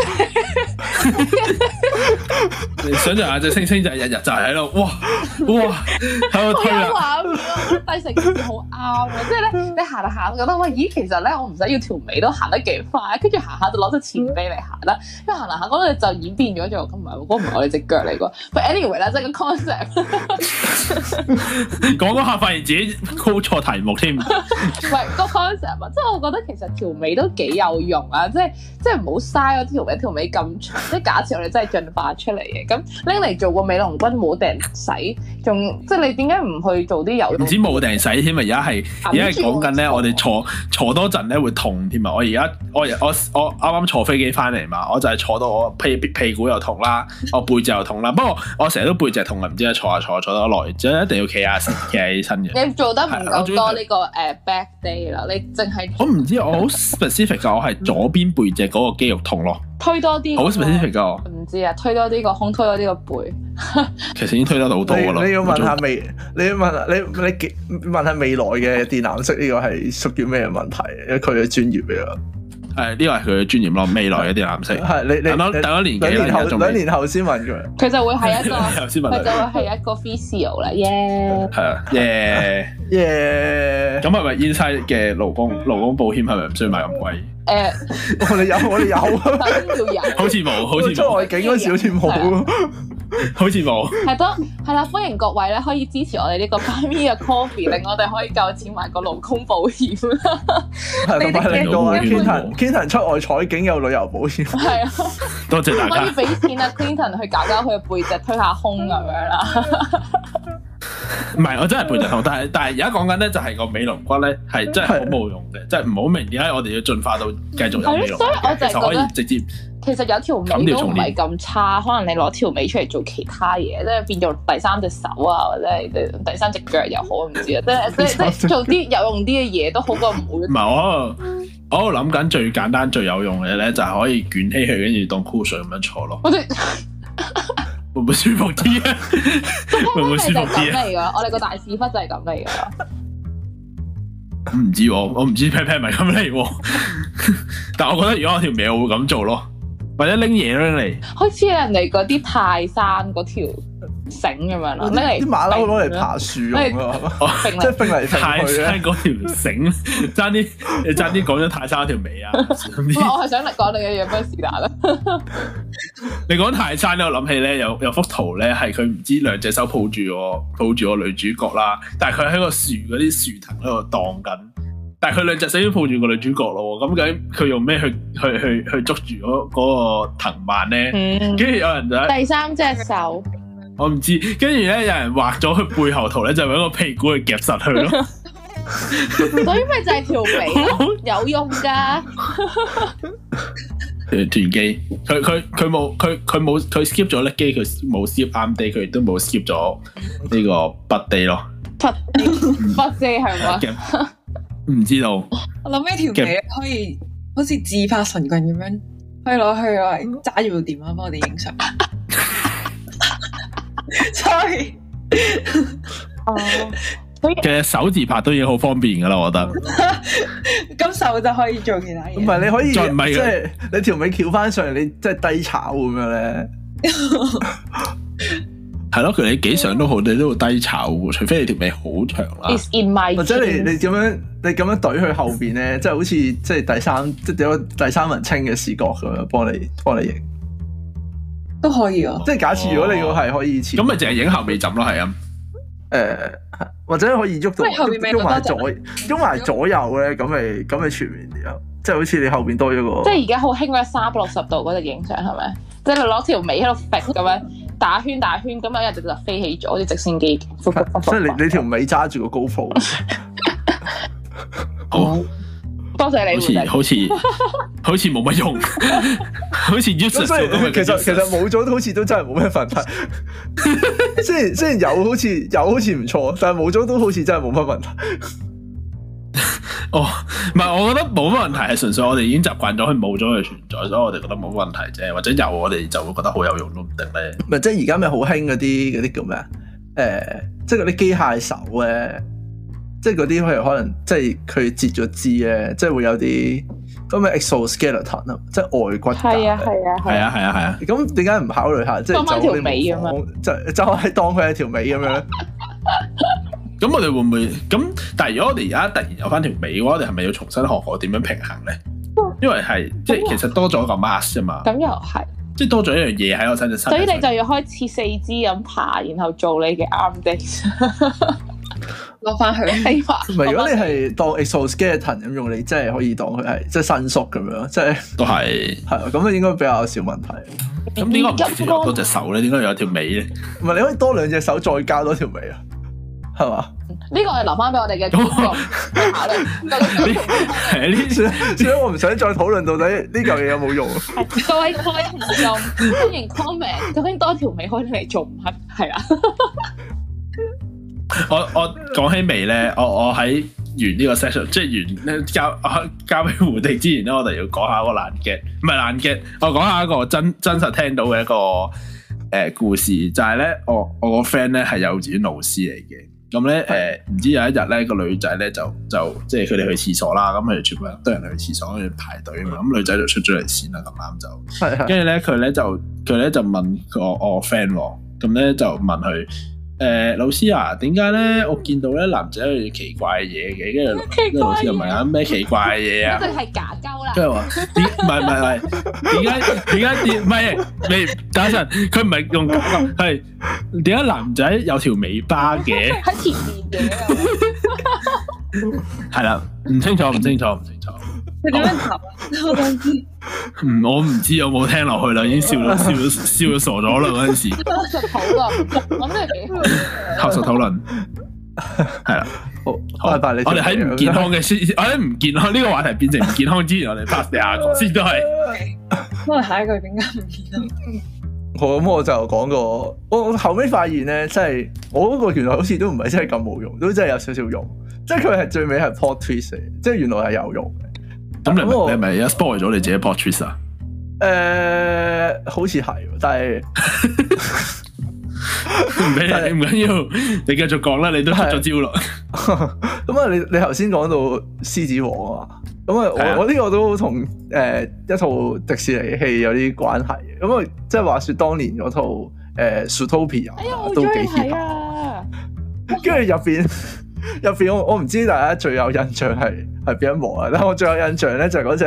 (laughs) (laughs) 你想象下隻星星就日日就喺度，哇哇喺度推啊！低成件事好啱啊！即係咧，你行下行，覺得喂，咦，其實咧我唔使要條尾都行得幾快，跟住行下就攞咗錢俾你行啦。因為行下行嗰度就演變咗咗，咁唔係，嗰唔係我哋隻腳嚟噶。But anyway 咧，即係個 concept 講嗰下，發現自己 call 錯題目添。 (laughs) 喂，個 concept 啊，即係 (laughs) 我覺得其實條尾都幾有用啊，即係即係唔好嘥嗰條尾，條尾咁。即係假設我哋真係進化出嚟嘅，咁拎嚟做個美龍軍冇埞使，仲即係你點解唔去做啲有用唔知冇埞使添啊！而家係而家係講緊咧，我哋坐坐多陣咧會痛添啊！我而家我我我啱啱坐飛機翻嚟嘛，我就係坐到我屁屁股又痛啦，我背脊又痛啦。嗯、不過我成日都背脊痛啊，唔知係坐下坐下坐得耐，即係一定要企下企起身嘅。你做得唔夠多呢、這個誒、 (laughs) uh, back day 啦，你淨係我唔知 (laughs) 我好 specific 㗎我係左邊背脊嗰個肌肉痛咯。推多啲，好似咪先成交？唔知啊，推多啲個胸，推多啲個背。 (laughs) 其實已經推得好多啦。你要問下未，早你要問下你你問下未來嘅電纜色，呢個係屬於咩問題？因為佢嘅專業嚟噶。係呢個係佢嘅專業咯，未來嗰啲藍色係你你等多等多年幾年後仲兩年後先問佢，佢就會係一個佢就會係一個 physio 啦耶係啊，耶耶咁係咪 inside 嘅勞工勞工保險係咪唔需要買咁貴？誒，我哋有我哋有，好似冇好似出外景嗰時好似冇。好似冇， (laughs) 係多係啦，歡迎各位咧可以支持我哋呢個杯麵嘅 coffee，令我哋可以夠錢買個勞工保險。 (laughs) 你哋嘅 Kenton Kenton 出外採景有旅遊保險，係啊了，多謝，謝大家。可以俾錢啊 Kenton 去搞搞佢嘅背脊推下胸咁 (laughs) 樣啦。唔係， (laughs) 我真係背脊痛，但係但係而家講緊咧就係個尾龍骨咧係真係好冇用嘅，即係唔好明點解我哋要進化到繼續有呢樣，所以壞我就可以直接。其實有條尾都唔係咁差，可能你攞條尾出嚟做其他嘢，即係變做第三隻手啊，或者係第三隻腳又好，唔知啊，即係即係做啲有用啲嘅嘢都好過唔會。唔係我我諗緊最簡單最有用嘅咧，就係可以捲起佢，跟住當 cool 水咁樣坐落。我哋會唔會舒服啲啊？ (laughs) 會唔會舒服啲啊？ (laughs) 我哋個大屎忽就係咁嚟噶。咁唔知我我唔知 pet pet 係咪咁嚟，但係我覺得如果我條尾我會咁做咯。或者拎嘢拎嚟，好似人哋嗰啲泰山嗰條繩咁樣咯，拎嚟啲馬騮攞嚟爬樹咁啊，即係拎嚟泰山嗰條繩，爭啲你爭啲講咗泰山一條尾啊！我係想嚟講你嘅嘢，不事是啦。你講泰山咧，我諗起咧，有有幅圖咧，係佢唔知兩隻手抱住我，抱住我女主角啦，但係佢喺個樹嗰啲樹藤喺度蕩緊。但係佢兩隻手已經抱住個女主角咯，咁究竟佢用咩去去去去捉住嗰嗰個藤蔓咧？跟住、嗯、有人就第三隻手，我唔知道。跟住咧有人畫咗佢背後圖咧，就俾個屁股去夾實佢咯。所以咪就係條尾有用噶。斷機，佢佢佢冇佢佢冇佢 skip 咗甩機，佢冇 skip arm day 佢亦都冇 skip 咗呢個 butt day 咯。butt butt day 係唔知道，哦、我諗呢條尾可以的好似自拍神棍咁樣，可以攞去攞去揸住部電話幫我哋影相。 (laughs) (laughs) Sorry，哦， (laughs) 呃、其實手自拍都已經好方便噶啦，我覺得。咁 (laughs) 手就可以做其他嘢。唔係，你可以即係你條尾翹翻上，嚟、就是，你即係低炒咁樣咧。 (laughs) 係咯，佢哋幾想都好，你都會低炒喎，除非你條尾好長啦，或者你你咁樣你咁樣懟去後邊咧，即係好似即係第三即係點樣第三人稱嘅視角咁樣幫你幫你影都可以啊，即係假設如果你要係可以前咁咪淨係影後尾枕咯，係啊，誒、呃、或者可以喐到喐埋左喐埋左右咧，咁咪咁咪全面啲咯，即係好似你後邊多咗個即係而家好興嗰三六十度嗰隻影相係咪？是 (laughs) 即係攞條尾喺度劈咁樣。 (laughs) 打圈打圈，咁一日就就飛起咗啲直升機。啊、即係你你條尾揸住個高峯。 (laughs) 好，多謝你。好似好似好似冇乜用，好似 use 其實其實冇咗，都好似都真係冇咩問題。 (laughs) 雖然雖然有好似有好似唔錯，但係冇咗都好似真係冇乜問題。 (laughs) 哦，唔係，oh，我覺得冇乜問題，係純粹我哋已經習慣咗佢冇咗佢存在，所以我哋覺得冇乜問題啫。或者有，我哋就會覺得好有用都唔定咧。唔係，欸就是，即係而家咪好興嗰啲嗰啲叫咩啊？誒，即係嗰啲機械手咧，即係嗰啲譬如可能即係佢截咗肢咧，即係會有啲咁嘅 exoskeleton 啊，即係外骨。係啊係啊係啊係啊係啊！咁點解唔考慮下即係做條尾咁啊？即係就可以當佢係條尾咁樣。 (laughs) 咁我哋會唔會咁？但係如果我哋而家突然有翻條尾嘅話，我哋係咪要重新學我點樣平衡咧？哦、因為係即係其實多咗一個 mask 啊嘛。咁又係即係多咗一樣嘢喺我身度身。所以你就要開始四肢咁爬，然後做你嘅 arm days，落翻去批爬。唔係 (laughs) 不如果你係當 exoskeleton 咁用，你即係可以當佢係即係伸縮咁樣，即、就、係、是、都係係咁啊，應該比較少問題。咁點解要多隻手咧？點解要多條尾咧？唔係你可以多兩隻手再加多條尾啊！係嘛？呢個係留翻俾我哋嘅考慮。所以，所以， (laughs) 我唔想再討論到底呢嚿嘢有冇用。各位各位歡迎 comment，究竟多條尾可嚟做乜？係啊。我我講起尾咧，我我喺完呢個 session，即係完交交俾胡迪之前咧，我哋要講下個爛 gag，唔係爛 gag，我講下一個真真實聽到嘅一個誒、呃、故事，就係、是、咧，我我個 friend 咧係幼稚園老師嚟嘅。咁咧，誒唔的、呃、知有一日咧，個女仔咧就就即係佢哋去廁所啦，咁佢哋全部都人去廁所去排隊啊嘛，咁、那個、女仔就出咗嚟先啦，咁啱就，跟住咧佢咧就佢咧就問個我 friend 喎，咁咧就問佢。誒老師啊，點解咧？我見到咧男仔有啲奇怪嘢嘅，跟住跟住老師問下，咩奇怪嘢啊？佢係假交啦。跟住話點？唔係唔係點解？點解點？唔係你等一陣，佢唔係用假交，係點解男仔有條尾巴嘅？喺前面嘅。係啦，唔清楚，唔清楚，唔清楚。你做咩執？我唔知。我唔知有冇聽落去啦，已經笑到笑到笑到傻咗啦嗰陣時。 (laughs) 學術討論，學術討論係啦。好，我哋喺唔健康嘅先，我喺唔健康呢個話題變成唔健康之前，我哋 pass 掉先都係。咁 (laughs) 啊，下一句點解唔健康？我咁我就講過，我後尾發現咧，即係我嗰個原來好似都唔係真係咁冇用，都真係有少少用，即係佢係最尾係 plot twist 嘅，即係原來係有用。咁你唔我你唔而家 spoil 咗你自己 portrait 啊？誒、呃，好似係，但係唔俾你唔緊要，你繼續講啦，你都出咗招咯是。咁啊， (laughs) 你你頭先講到獅子王啊，咁啊，我我呢個都同誒、呃、一套迪士尼戲有啲關係。咁、呃哎、呦啊，即係話説當年嗰套誒 Zootopia 啊，都幾熱啊，跟住入邊。.入邊我我唔知大家最有印象係係邊一幕啊，但係我最有印象咧就係嗰隻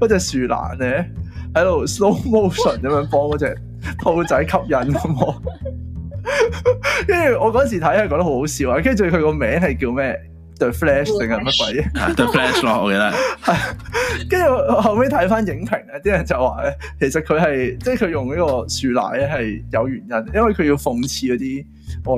嗰隻樹懶咧喺度 slow motion 咁樣幫嗰隻兔仔吸引，跟住 (laughs) 我嗰時睇係覺得好好笑啊，跟住仲要佢個名係叫咩？對 Flash 定係乜鬼嘅 The？Flash 咯， (laughs) 我記得。係，跟住後尾睇翻影評咧，啲 (laughs) 人就話咧，其實佢係即係佢用呢個樹懶咧係有原因，因為佢要諷刺嗰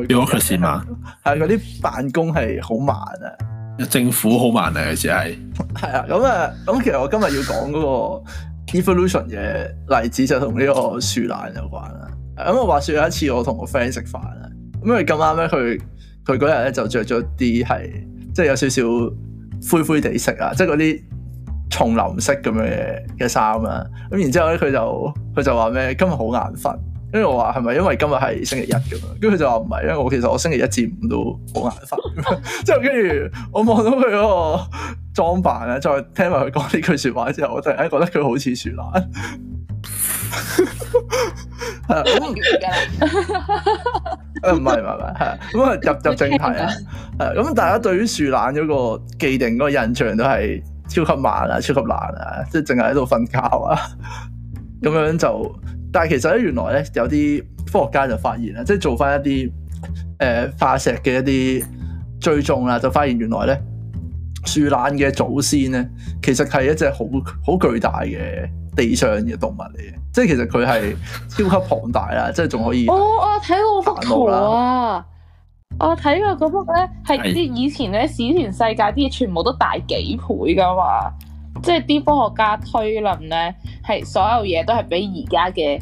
啲 office 嘛，係嗰啲辦公係好慢啊，政府好慢啊，似係。係啊， (laughs) 咁啊，咁其實我今日要講嗰個 evolution 嘅例子就同呢個樹懶有關啊。咁我話説有一次我同我 friend 食飯啊，咁啊咁啱咧，佢佢嗰日咧就着咗啲係。即係有少少灰灰地色啊，即係嗰啲叢林色咁樣嘅嘅衫啊。咁然之後咧，佢就佢就話咩？今日好眼瞓。跟住我話係咪因為今日係星期一咁樣？跟住佢就話唔係，因為我其實我星期一至五都好眼瞓。之後跟住我望到佢嗰個裝扮咧，再聽埋佢講呢句説話之後，我突然間誒覺得佢好似樹懶。係啊，咁唔係唔係，係啊，咁啊，入入正題啊，係咁大家對於樹懶嗰個既定嗰個印象都係超級慢啊，超級難啊，即係淨係喺度瞓覺啊，咁樣就，但係其實咧原來咧有啲科學家就發現啊，即係做翻一啲誒化石嘅一啲追蹤啦，就發現原來咧樹懶嘅祖先咧其實係一隻好好巨大嘅。地上嘅動物嚟嘅，即係其實佢係超級龐大啦， (laughs) 即係仲可以哦。我睇個幅圖，我睇個嗰幅咧係即係以前咧史前世界啲嘢全部都大幾倍噶嘛，即係啲科學家推論咧係所有嘢都係比而家嘅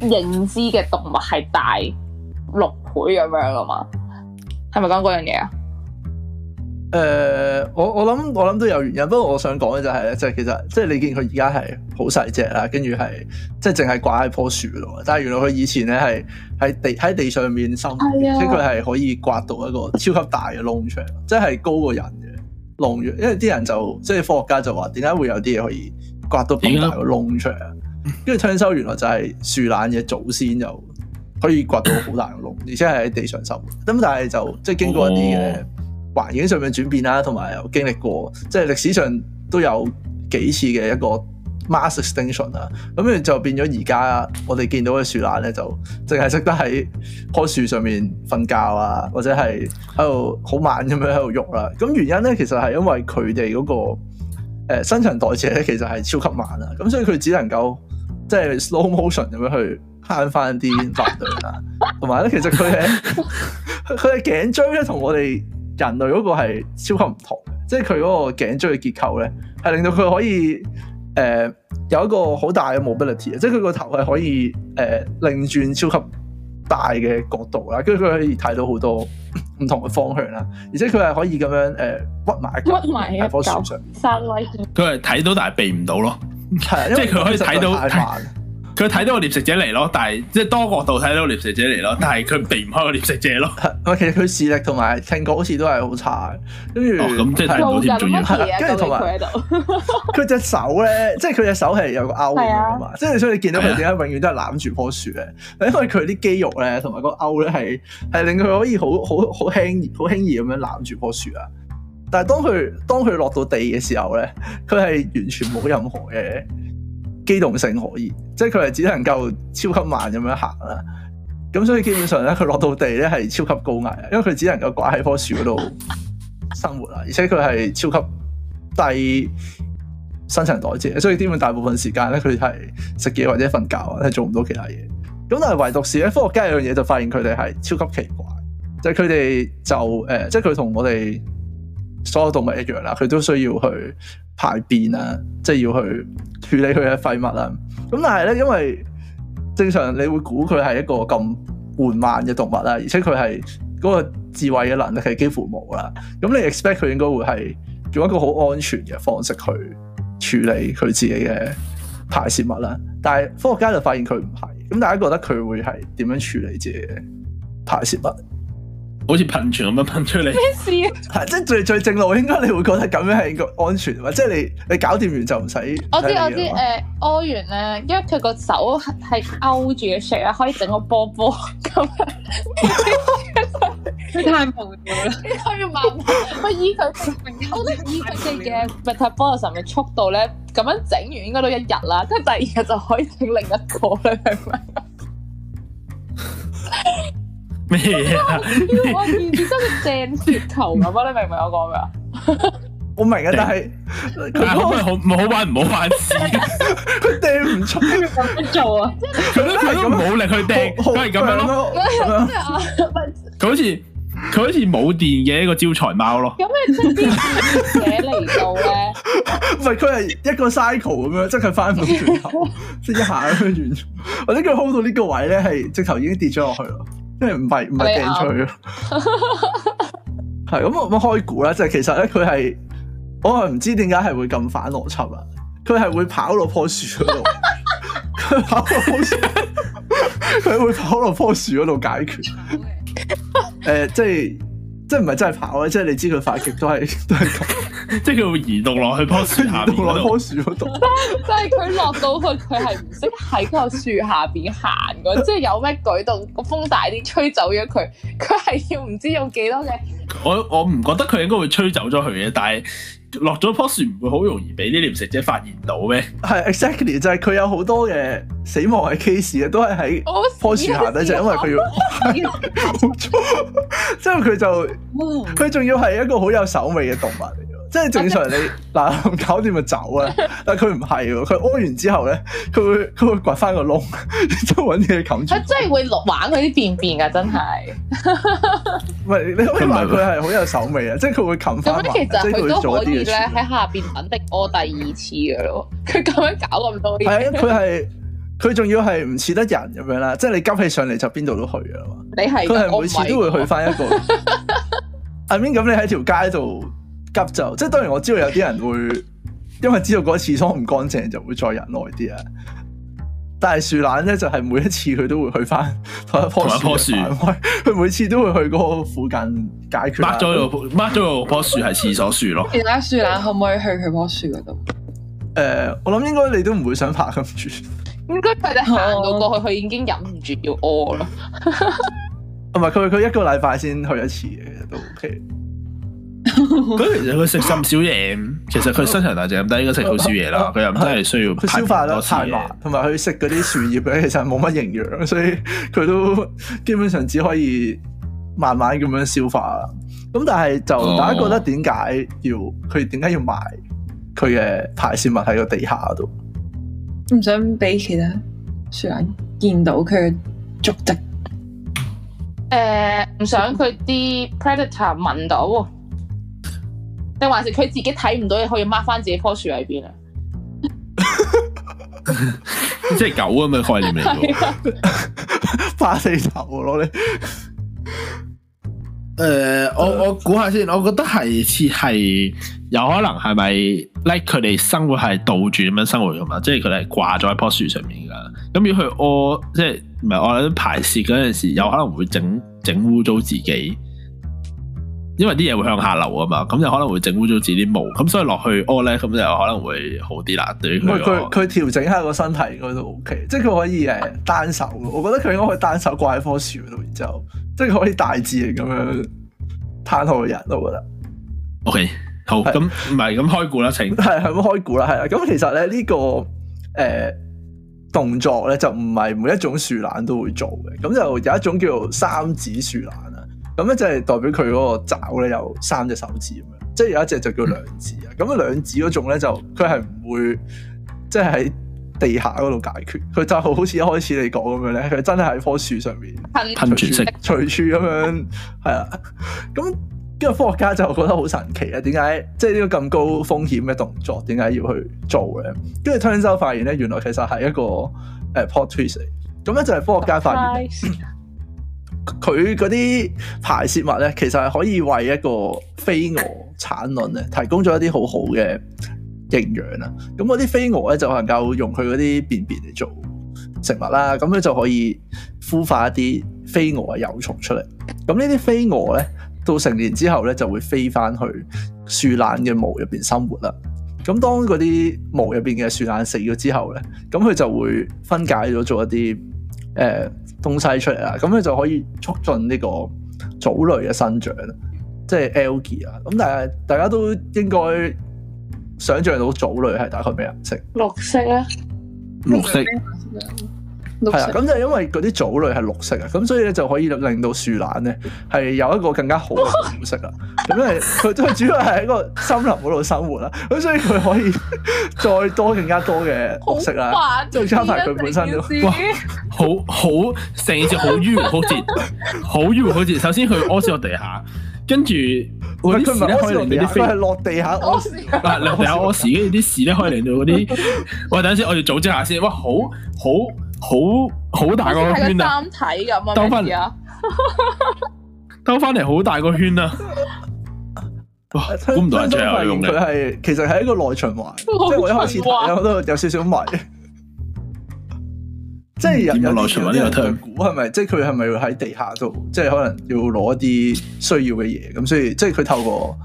你認知嘅動物係大六倍咁樣啊嘛，係咪講嗰樣嘢啊？誒、呃，我我諗我諗都有原因，不過我想講嘅就係、是、咧，即係其實即係你見佢而家係好細隻啦，跟住係即係淨係掛喺棵樹度，但係原來佢以前咧係喺地喺地上面生活，哎、呀即佢係可以刮到一個超級大嘅窿出嚟，即係高過人嘅窿，因為啲人就即係科學家就話點解會有啲嘢可以刮到咁大個窿出嚟啊？跟住該聽收原來就係樹懶嘅祖先就可以刮到好大嘅窿， (coughs) 而且係喺地上生活。咁但係就即係經過一啲嘅，嗯環境上面轉變啦、啊，同埋有經歷過，即係歷史上都有幾次嘅一個 mass extinction 啊，咁樣就變咗而家我哋見到嘅樹懶咧，就淨係識得喺棵樹上面瞓覺啊，或者係喺度好慢咁樣喺度喐啦。咁原因咧，其實係因為佢哋嗰個誒新陳代謝咧，其實係超級慢啊，咁所以佢只能夠即係 slow motion 咁樣去慳翻啲發電啦、啊。同埋咧，其實佢嘅佢嘅頸椎咧，同我哋人類嗰個係超級唔同嘅，即係佢嗰個頸椎嘅結構咧，係令到佢可以誒、呃、有一個好大嘅 mobility，即係佢個頭係可以誒擰轉、呃、擰轉超級大嘅角度啦，跟住佢可以睇到好多唔同嘅方向啦，而且佢係可以咁樣誒、呃、屈埋屈埋一樖。佢係睇到但係避唔到咯，係啊，即係佢可以睇到。佢睇到個獵食者嚟咯，但係即係多角度睇到獵食者嚟咯，但係佢避唔開個獵食者咯。其實佢視力同埋聽覺好似都係好差嘅，跟住咁即係睇唔到點重要。跟住同埋佢隻手咧，即係佢隻手係有個勾嘅嘛，即係、啊、所以你見到佢點解永遠都係攬住棵樹咧，因為佢啲肌肉咧同埋個勾咧係係令佢可以好好好輕好輕易咁樣攬住棵樹啊。但係當佢當佢落到地嘅時候咧，佢係完全冇任何嘅。機動性可以，即係佢係只能夠超級慢咁樣行啦，咁所以基本上咧，佢落到地咧係超級高危，因為佢只能夠掛喺棵樹嗰度生活啦，而且佢係超級低新陳代謝，所以基本大部分時間咧佢係食嘢或者瞓覺，係做唔到其他嘢。咁但係唯獨是咧，科學家一樣嘢就發現佢哋係超級奇怪，就係佢哋就誒、呃，即係佢同我哋。所有動物一樣啦，佢都需要去排便啦，即係要去處理佢嘅廢物啦。咁但係咧，因為正常你會估佢係一個咁緩慢嘅動物啦，而且佢係嗰個智慧嘅能力係幾乎冇啦。咁你 expect 佢應該會係用一個好安全嘅方式去處理佢自己嘅排泄物啦。但係科學家就發現佢唔係。咁大家覺得佢會係點樣處理自己嘅排泄物？好似噴泉咁樣噴出嚟，咩事、啊啊？即係最最正路，應該你會覺得咁樣係個安全，或者你你搞掂完就唔使。我知我知，誒以，屙完咧，因為佢個手係勾住嘅石，啊，可以整個波波咁。佢太無聊啦，可以嘛？我依佢平勾，我依佢哋嘅 metabolism 嘅速度咧，咁樣整完應該都一日啦，跟住第二日就可以整另一個啦，係咪？ (laughs) 咩我啊？然之後佢掟雪球咁啊？你明唔明我講咩啊？我明啊，但係佢都好唔好玩唔好玩事，佢掟唔出咁樣做啊！佢都佢都冇力去掟，梗係咁樣咯。佢好似佢好似冇電嘅一個招財貓咯。咁你點寫嚟到咧？唔係佢係一個 cycle 咁樣，即係佢翻唔到轉頭，即係一下咁樣完，或者佢 hold 到呢個位咧，係直頭已經跌咗落去咯。因為唔係唔係掟出去咯，係咁我咁開估啦，即係其實咧，佢係我係唔知點解係會咁反邏輯啊，佢係會跑落棵樹嗰度，佢 (laughs) 跑落棵樹佢 (laughs) 會跑落棵樹嗰度解決，即係即係唔係真係跑呀？即係你知佢發極都係 (laughs) 都係咁。即係佢會移動落去棵樹下邊， (laughs) 落棵樹嗰度。即係佢落到去，佢係唔識喺棵樹下邊行嗰，即係有咩舉動，個風大啲吹走咗佢。佢係要唔知用幾多嘅。我我唔覺得佢應該會吹走咗佢嘅，但係落咗棵樹唔會好容易俾啲獵食者發現到咩？係 exactly 就係佢有好多嘅死亡嘅 case 嘅，都係喺棵樹下底，就因為佢要冇錯，之後佢就佢仲要係一個好有手尾嘅動物。即係正常你嗱搞掂咪走啊！ (laughs) 但佢唔係喎，佢屙完之後咧，佢會佢會掘翻個窿，即揾嘢冚住。佢真係會玩佢啲便便啊，真係。唔 (laughs) 你唔係佢係好有手尾啊！ (laughs) 即係佢會冚翻。咁樣其實佢都可以喺下便揾定屙第二次㗎咯。佢咁樣搞咁多。係啊，佢係佢仲要係唔似得人咁樣啦。即係你急起上嚟就邊度都去啦嘛。你係佢係每次都會去翻一個。阿 Ben 咁你喺條街度？急就，即係當然我知道有啲人會，因為知道個廁所唔乾淨就會再忍耐啲啊。但係樹懶咧就係、是、每一次佢都會去翻同一棵同一棵樹，佢每次都會去嗰個附近解決。抹咗又抹咗又棵樹係廁所樹咯。而家樹懶可唔可以去佢棵樹嗰度？誒、呃，我諗應該你都唔會想爬咁住。應該佢哋行到過去，佢已經忍唔住要屙咯。同埋佢佢一個禮拜先去一次嘅，都 OK。咁 (laughs) 其實佢食咁少嘢，其實佢身長大隻，但係應該食好少嘢啦。佢又真係需要消化咯，排物同埋佢食嗰啲樹葉咧，其實冇乜營養，所以佢都基本上只可以慢慢咁樣消化。咁但係就大家覺得點解要佢點解要埋佢嘅排泄物喺個地下度？唔想俾其他樹人見到佢嘅足跡。誒、呃，唔想佢啲 predator 聞到。定還是佢自己睇唔到，可以掹翻自己棵樹喺邊啊？ (laughs) 即係狗咁嘅概念嚟嘅，花四頭攞你。誒，我我估下先，我覺得係似係有可能係咪？like 佢哋生活係倒轉咁樣生活噶嘛？即係佢哋掛咗喺棵樹上面噶。咁如果佢屙，即係唔係屙排泄嗰陣時，有可能會整整污糟自己。因為啲嘢會向下流啊嘛，咁就可能會整污糟自己啲毛，咁所以落去屙咧，咁、哦、就可能會好啲啦。對佢，佢佢調整一下個身體，應該都 OK，即係佢可以誒、呃、單手。我覺得佢應該可以單手掛喺棵樹度，然之後即係可以大自然咁樣攤好個人，我覺得。OK，好，咁唔係咁開估啦，請。係係咁開估啦，係啊，咁其實咧呢、這個誒、呃、動作咧就唔係每一種樹懶都會做嘅，咁就有一種叫做三指樹懶。咁咧就係代表佢嗰個爪咧有三隻手指咁樣，即、就、係、是、有一隻就叫兩指。啊、嗯。咁啊兩指嗰種咧就佢係唔會，即係喺地下嗰度解決，佢就好似一開始你講咁樣咧，佢真係喺棵樹上面噴，噴住，式，隨處咁樣係啊。咁跟住科學家就覺得好神奇啊，點解即係呢個咁高風險嘅動作，點解要去做咧？跟住湯州發現咧，原來其實係一個 port tree 咁樣就係科學家發現、呃 (laughs) 佢嗰啲排泄物咧，其實係可以為一個飛蛾產卵咧提供咗一啲好好嘅營養啦。咁嗰啲飛蛾咧就能夠用佢嗰啲便便嚟做食物啦。咁咧就可以孵化一啲飛蛾嘅幼蟲出嚟。咁呢啲飛蛾咧到成年之後咧就會飛返去樹懶嘅毛入邊生活啦。咁當嗰啲毛入邊嘅樹懶死咗之後咧，咁佢就會分解咗做一啲。誒、呃，東西出嚟啦，咁樣就可以促進呢個藻類嘅生長，即係 algae 啊。咁但係大家都應該想象到藻類係大概咩顏色？綠色啊，綠色。綠色係啊，咁就係因為嗰啲藻類係綠色啊，咁所以咧就可以令到樹懶咧係有一個更加好嘅顏色啊。咁係佢都係主要係喺個森林嗰度生活啦，咁所以佢可以再多更加多嘅綠色的啊。最差係佢本身啲哇，好好成隻好迂好折，好迂好折。首先佢屙屎落地下，跟住嗰啲屎咧可以令到嗰啲。喂，啊啊啊啊，等陣先，我要組織下先。哇，好好。好好大個圈啊！兜翻嚟，兜翻嚟好大個圈啊！咁多人真係用佢係，其實係一個內循環。即係我一開始睇，我都有少少迷。即係有有啲有啲估係咪？即係佢係咪要喺地下度？即係可能要攞一啲需要嘅嘢。咁所以，即係佢透過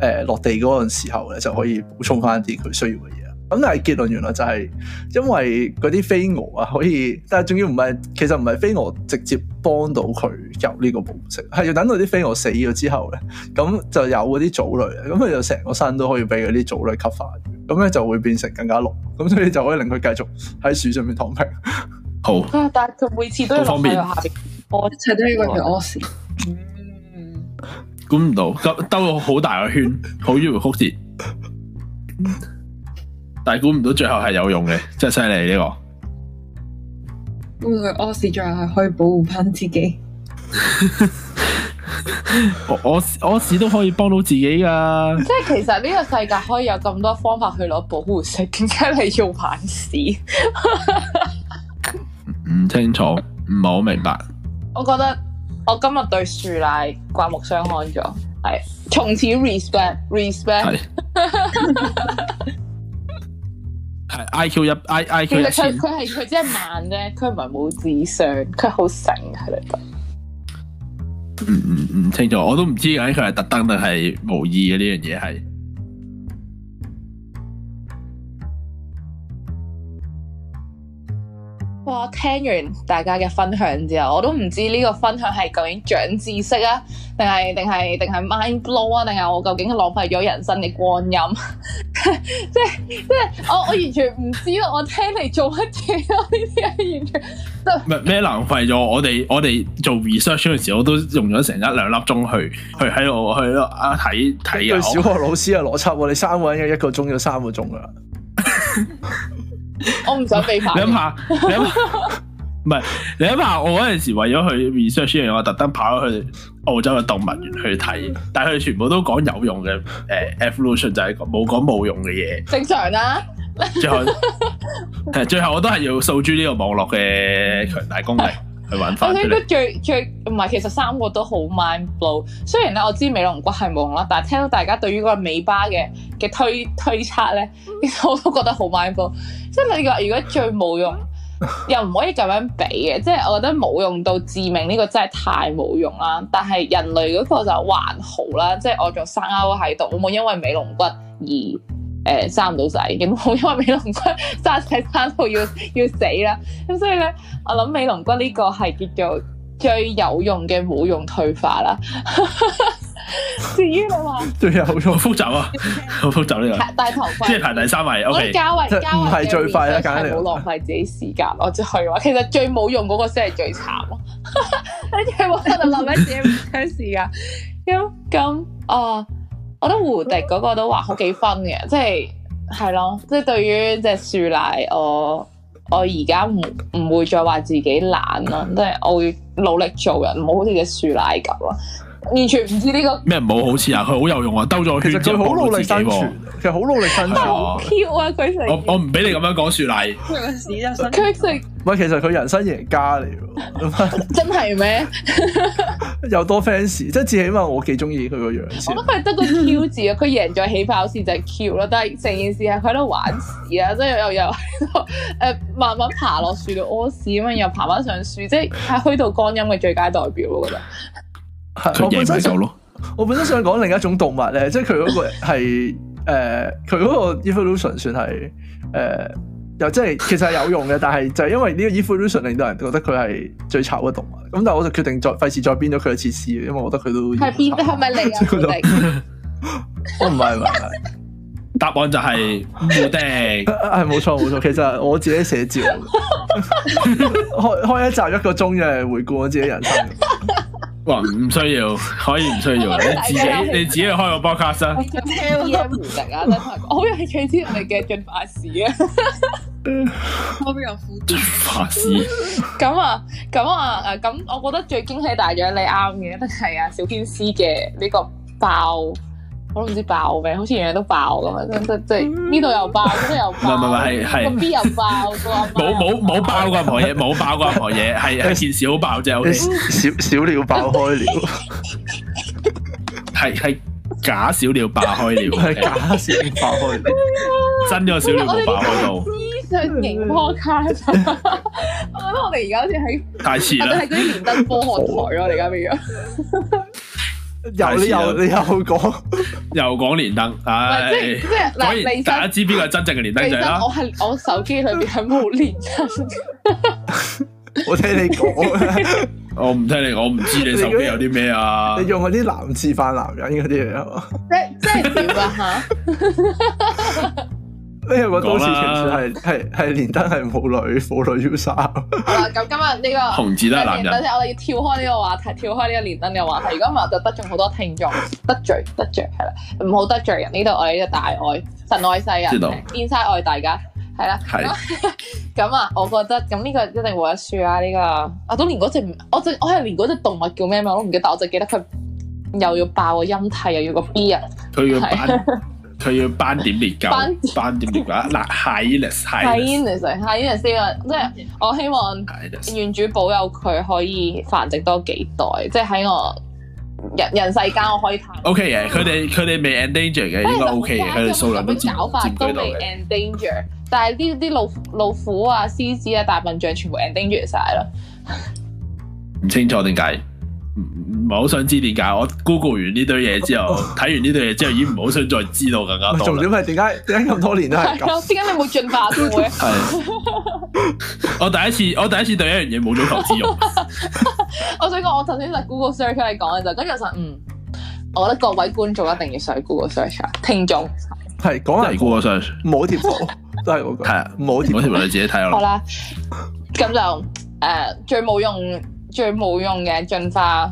誒落地嗰陣時候咧，就可以補充翻啲佢需要嘅嘢。咁但係結論原來就係，因為嗰啲飛蛾啊可以，但係仲要唔係，其實唔係飛蛾直接幫到佢入呢個模式，係要等到啲飛蛾死咗之後咧，咁就有嗰啲藻類，咁佢就成個山都可以俾嗰啲藻類吸化，咁咧就會變成更加綠，咁所以就可以令佢繼續喺樹上面躺平。好，但係佢每次都好方便，我一切都要為我死。嗯，估唔到，兜個好大個圈， (laughs) 好迂迴曲折。 (laughs) 但估唔到最後係有用嘅，真係犀利呢個。原來屙屎最後係可以保護翻自己。我我屙屎都可以幫到自己噶。即係其實呢個世界可以有咁多方法去攞保護色，點解你要排屎？唔 (laughs) 清楚，唔係好明白。我覺得我今日對樹懶刮目相看咗，係從此 respect respect 是。 (laughs) IQ 一，I Q 一，其實佢佢係佢真係慢啫，佢唔係冇智商，佢好醒，佢嚟嘅。嗯嗯嗯，唔清楚，我都唔知佢係特登定係無意嘅呢樣嘢係。我聽完大家嘅分享之後，我都唔知呢個分享係究竟長知識啊，定係定係定係 mind blow 啊，定係我究竟浪費咗人生嘅光陰？ (laughs) 即係即係我我完全唔知咯！ (laughs) (laughs) 我聽嚟做乜嘢？呢啲係完全就咩浪費咗？我哋我哋做 research 嘅時候，我都用咗成一兩粒鐘去去喺度去啊睇睇。看看我小學老師嘅邏輯喎！我 (laughs) 你三個人一個鐘要三個鐘噶。 (laughs) 我唔想被拍。你一拍，你唔係 (laughs) 你一拍。我嗰陣時候為咗去 research 我特登跑咗去澳洲嘅動物園去睇，但係佢全部都講有用嘅，誒、欸、，evolution 就係冇講冇用嘅嘢。正常啦、啊。 (laughs) 最後，最後我都係要訴諸呢個網絡嘅強大功力。 (laughs) 我覺得最最唔係，其實三個都好 mind blow。雖然咧，我知美龍骨係冇用啦，但係聽到大家對於嗰個尾巴嘅嘅推推測咧，我都覺得好 mind blow。即係你話如果最冇用， (laughs) 又唔可以咁樣比嘅，即係我覺得冇用到致命呢個真係太冇用啦。但係人類嗰個就還好啦，即係我仲生勾喺度，我冇因為美龍骨而。誒、呃、生唔到仔，好因為美龍骨生仔生到要要死啦，咁所以咧，我諗美龍骨呢個係叫做最有用嘅冇用退化啦。至於你話，最有好複雜啊，好複雜呢、呢個。排頭即係排第三位。Okay, 我交位交位，唔係最快啦，唔好浪費自己時間。啊、我只可以話，其實最冇用嗰個先係最慘，跟住我喺度留一啲唔時間，咁咁啊。哈哈 (laughs) 我覺得胡迪嗰個都話好幾分嘅，即係係咯，即係、就是、對於隻樹奶，我我而家唔唔會再話自己懶咯，即、就、係、是、我會努力做人，唔好好似隻樹奶咁啊～完全唔知呢個咩唔好好似啊，佢好有用啊，兜咗圈，其實佢好努力生存，其實好努力生存啊！Q 啊，佢成我唔俾你咁樣講算啦。佢屎一生，唔係其實佢人生贏家嚟嘅，真係咩？又多 fans，即係至少起碼我幾中意佢個樣。我覺得佢得個 Q 字啊，佢贏咗起跑線就係 Q 啦，但係成件事係喺度玩屎啊！即係又又喺誒慢慢爬落樹度屙屎咁樣，又爬翻上樹，即係喺虛度光陰嘅最佳代表，我覺得。我本身想，我本身想講另一種動物咧、 (laughs) 呃呃，即係佢嗰個係，誒，佢嗰個 evolution 算係，誒，又即係其實係有用嘅，但係就係因為呢個 evolution 令到人覺得佢係最醜嘅動物，咁但係我就決定再費事再編咗佢嘅設施，因為我覺得佢都係編，係咪你啊？我唔係，唔係，唔係 (laughs) 答案就係唔定，係冇錯冇錯，其實我自己寫照，開開一集一個鐘嘅回顧我自己人生。哇！唔需要，可以唔需要。 (laughs) 你自己，你自己去開個波卡先。就聽耳力啊，好有興趣知人哋嘅進化史啊！ (laughs) 我比較苦進。進化史。咁、 (laughs) (laughs) 嗯、 (laughs) 啊，咁啊，誒，咁我覺得最驚喜大獎你啱嘅，係啊，小天師嘅呢個爆。我都唔知爆咩，好似樣樣都爆咁，真即即即呢度又爆，嗰度又爆，個 B 又爆，個啊，冇冇冇爆過任何嘢，冇爆過任何嘢，係一件小爆似小小鳥爆開了，係係假小鳥爆開了，係假小鳥爆開，真嘅小鳥冇爆開到資訊型 podcast，我覺得我哋而家好似喺太遲啦，係嗰啲連登科學台咯，你而家未樣？又你是又你又講 說，又講連登，唉、 (laughs) 哎，所以然真大家知邊個係真正嘅連登仔啦。我係我手機裏邊係冇連登。 (laughs) 我聽你講， (laughs) 我唔聽你講，我唔知你手機有啲咩啊你。你用嗰啲男字扮男人嗰啲啊？即即係點啊？因為個多市情說係係係連登係冇女冇女要殺。好啦，咁今日呢、這個，同志男人等我哋要跳開呢個話題，跳開呢個連登嘅話題。如果唔係，我就得中好多聽眾， (laughs) 得罪得罪係啦，唔好得罪人。呢度我哋呢個大愛神愛世人，變晒道愛大家，係啦。咁啊的、嗯，我覺得咁呢個一定我輸啊。呢、這個我、啊、都連嗰隻，我我係連隻動物叫咩名我都唔記得，我就記得佢又要爆個陰蒂，又要個 B 啊。佢要的。佢要斑點獵狗，斑點獵狗，嗱 Hiyas Hiyas，Hiyas，Hiyas g h 呢個，即係我希望原主保佑佢可以繁殖多幾代，即係喺我人人世間我可以探。OK 嘅，佢哋佢哋未 endangered 嘅，應該 OK 嘅，佢哋數量都唔少。都未 endangered 但係啲啲鹿、老虎啊、獅子啊、大笨象全部 endangered 晒啦。唔清楚點解？唔係好想知點解，我 Google 完呢堆嘢之後，睇 (laughs) 完呢堆嘢之後，已經唔好想再知道更加多。重點係點解點解咁多年都係咁？點解、啊、你冇進化先會？ (laughs) (laughs) 我第一次，我第一次對一樣嘢冇咗求知慾。 (laughs) (laughs) 我想講，我頭先喺 Google Search 嚟講嘅就，跟住就嗯，我覺得各位觀眾一定要上 Google Search 聽。聽眾係講嚟 Google Search，冇貼圖都係嗰啊，冇、那個、貼冇、啊、貼圖 (laughs) 你自己睇咯。好啦，咁就誒、呃、最冇用、最冇用嘅進化。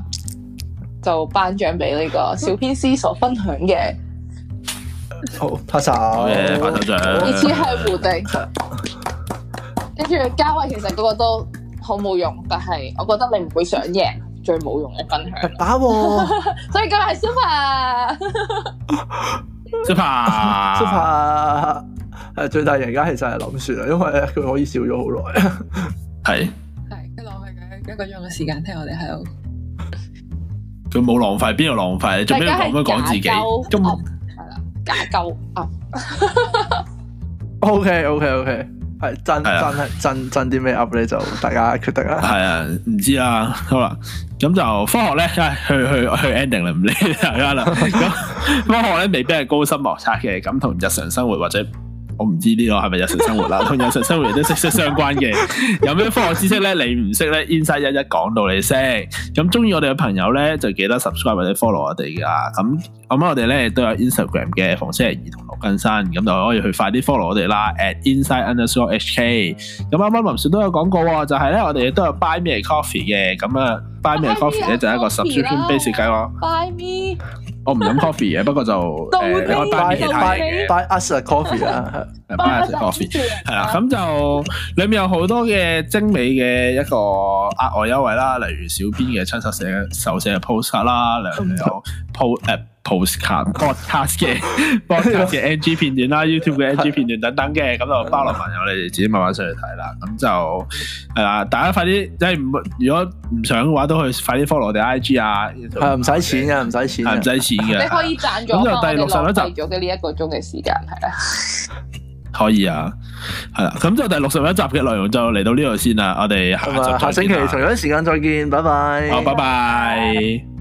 就頒獎俾呢個小編 c 所分享嘅，嗯，好，拍手，拍手掌好，呢次係胡迪，跟住嘉威其實嗰個都好冇用，但係我覺得你唔會想贏，最冇用嘅分享，打喎，所以今日係 Super，Super，Super 係最大贏家，其實係林雪啊，因為佢可以笑咗好耐，係 (laughs) 是，係，跟落去嘅一個鐘嘅時間，聽我哋喺度。佢冇浪費，邊度浪費？咩？要咁樣講自己？咁係啦，解救啊 O K O K O K，係真真真真啲咩 up 咧？就 (laughs) 大家決定啦。係啊，唔知啦。好啦，咁就科學咧，去去去 ending 啦，唔理大家啦。咁 (laughs) 科學咧，未必係高深莫測嘅，咁同日常生活或者。我唔知呢個係咪日常生活啦，同日常生活都息息相關嘅。有咩科學知識咧？你唔識咧？Inside 一一講到你識。咁中意我哋嘅朋友咧，就記得 subscribe 或者 follow 我哋噶。咁啱啱我哋咧都有 Instagram 嘅，逢星期二同六更新，咁就可以去快啲 follow 我哋啦。at Inside Understore HK。咁啱啱林少都有講過，就係咧我哋亦都有 Buy Me Coffee 嘅。咁啊，Buy Me Coffee 咧就係一個 subscription base 計劃。Buy Me。我唔飲 coffee 嘅，不過就你可以 buy 其他嘢嘅，buy us a coffee 啦，buy us a coffee 係啦，咁就裏面有好多嘅精美嘅一個額外優惠啦，例如小編嘅親手寫嘅手寫嘅 post 卡啦，裏面有 post 誒。postcard、Post card, (laughs) podcast 嘅、podcast 嘅 NG 片段啦、 (laughs) YouTube 嘅 NG 片段等等嘅，咁就 follow 埋，的我哋自己慢慢上去睇啦。咁就係啦，大家快啲，即係唔如果唔想嘅話，都可以快啲 follow 我哋 IG 啊。係唔使錢啊，唔使錢，唔使錢嘅。你可以賺咗咁就第六十一集咗嘅呢一個鐘嘅時間係啦，可以啊，係啦。咁就第六十一集嘅內容就嚟到呢度先啦。我哋下下星期同樣時間再見，拜拜。好，拜拜。 (laughs)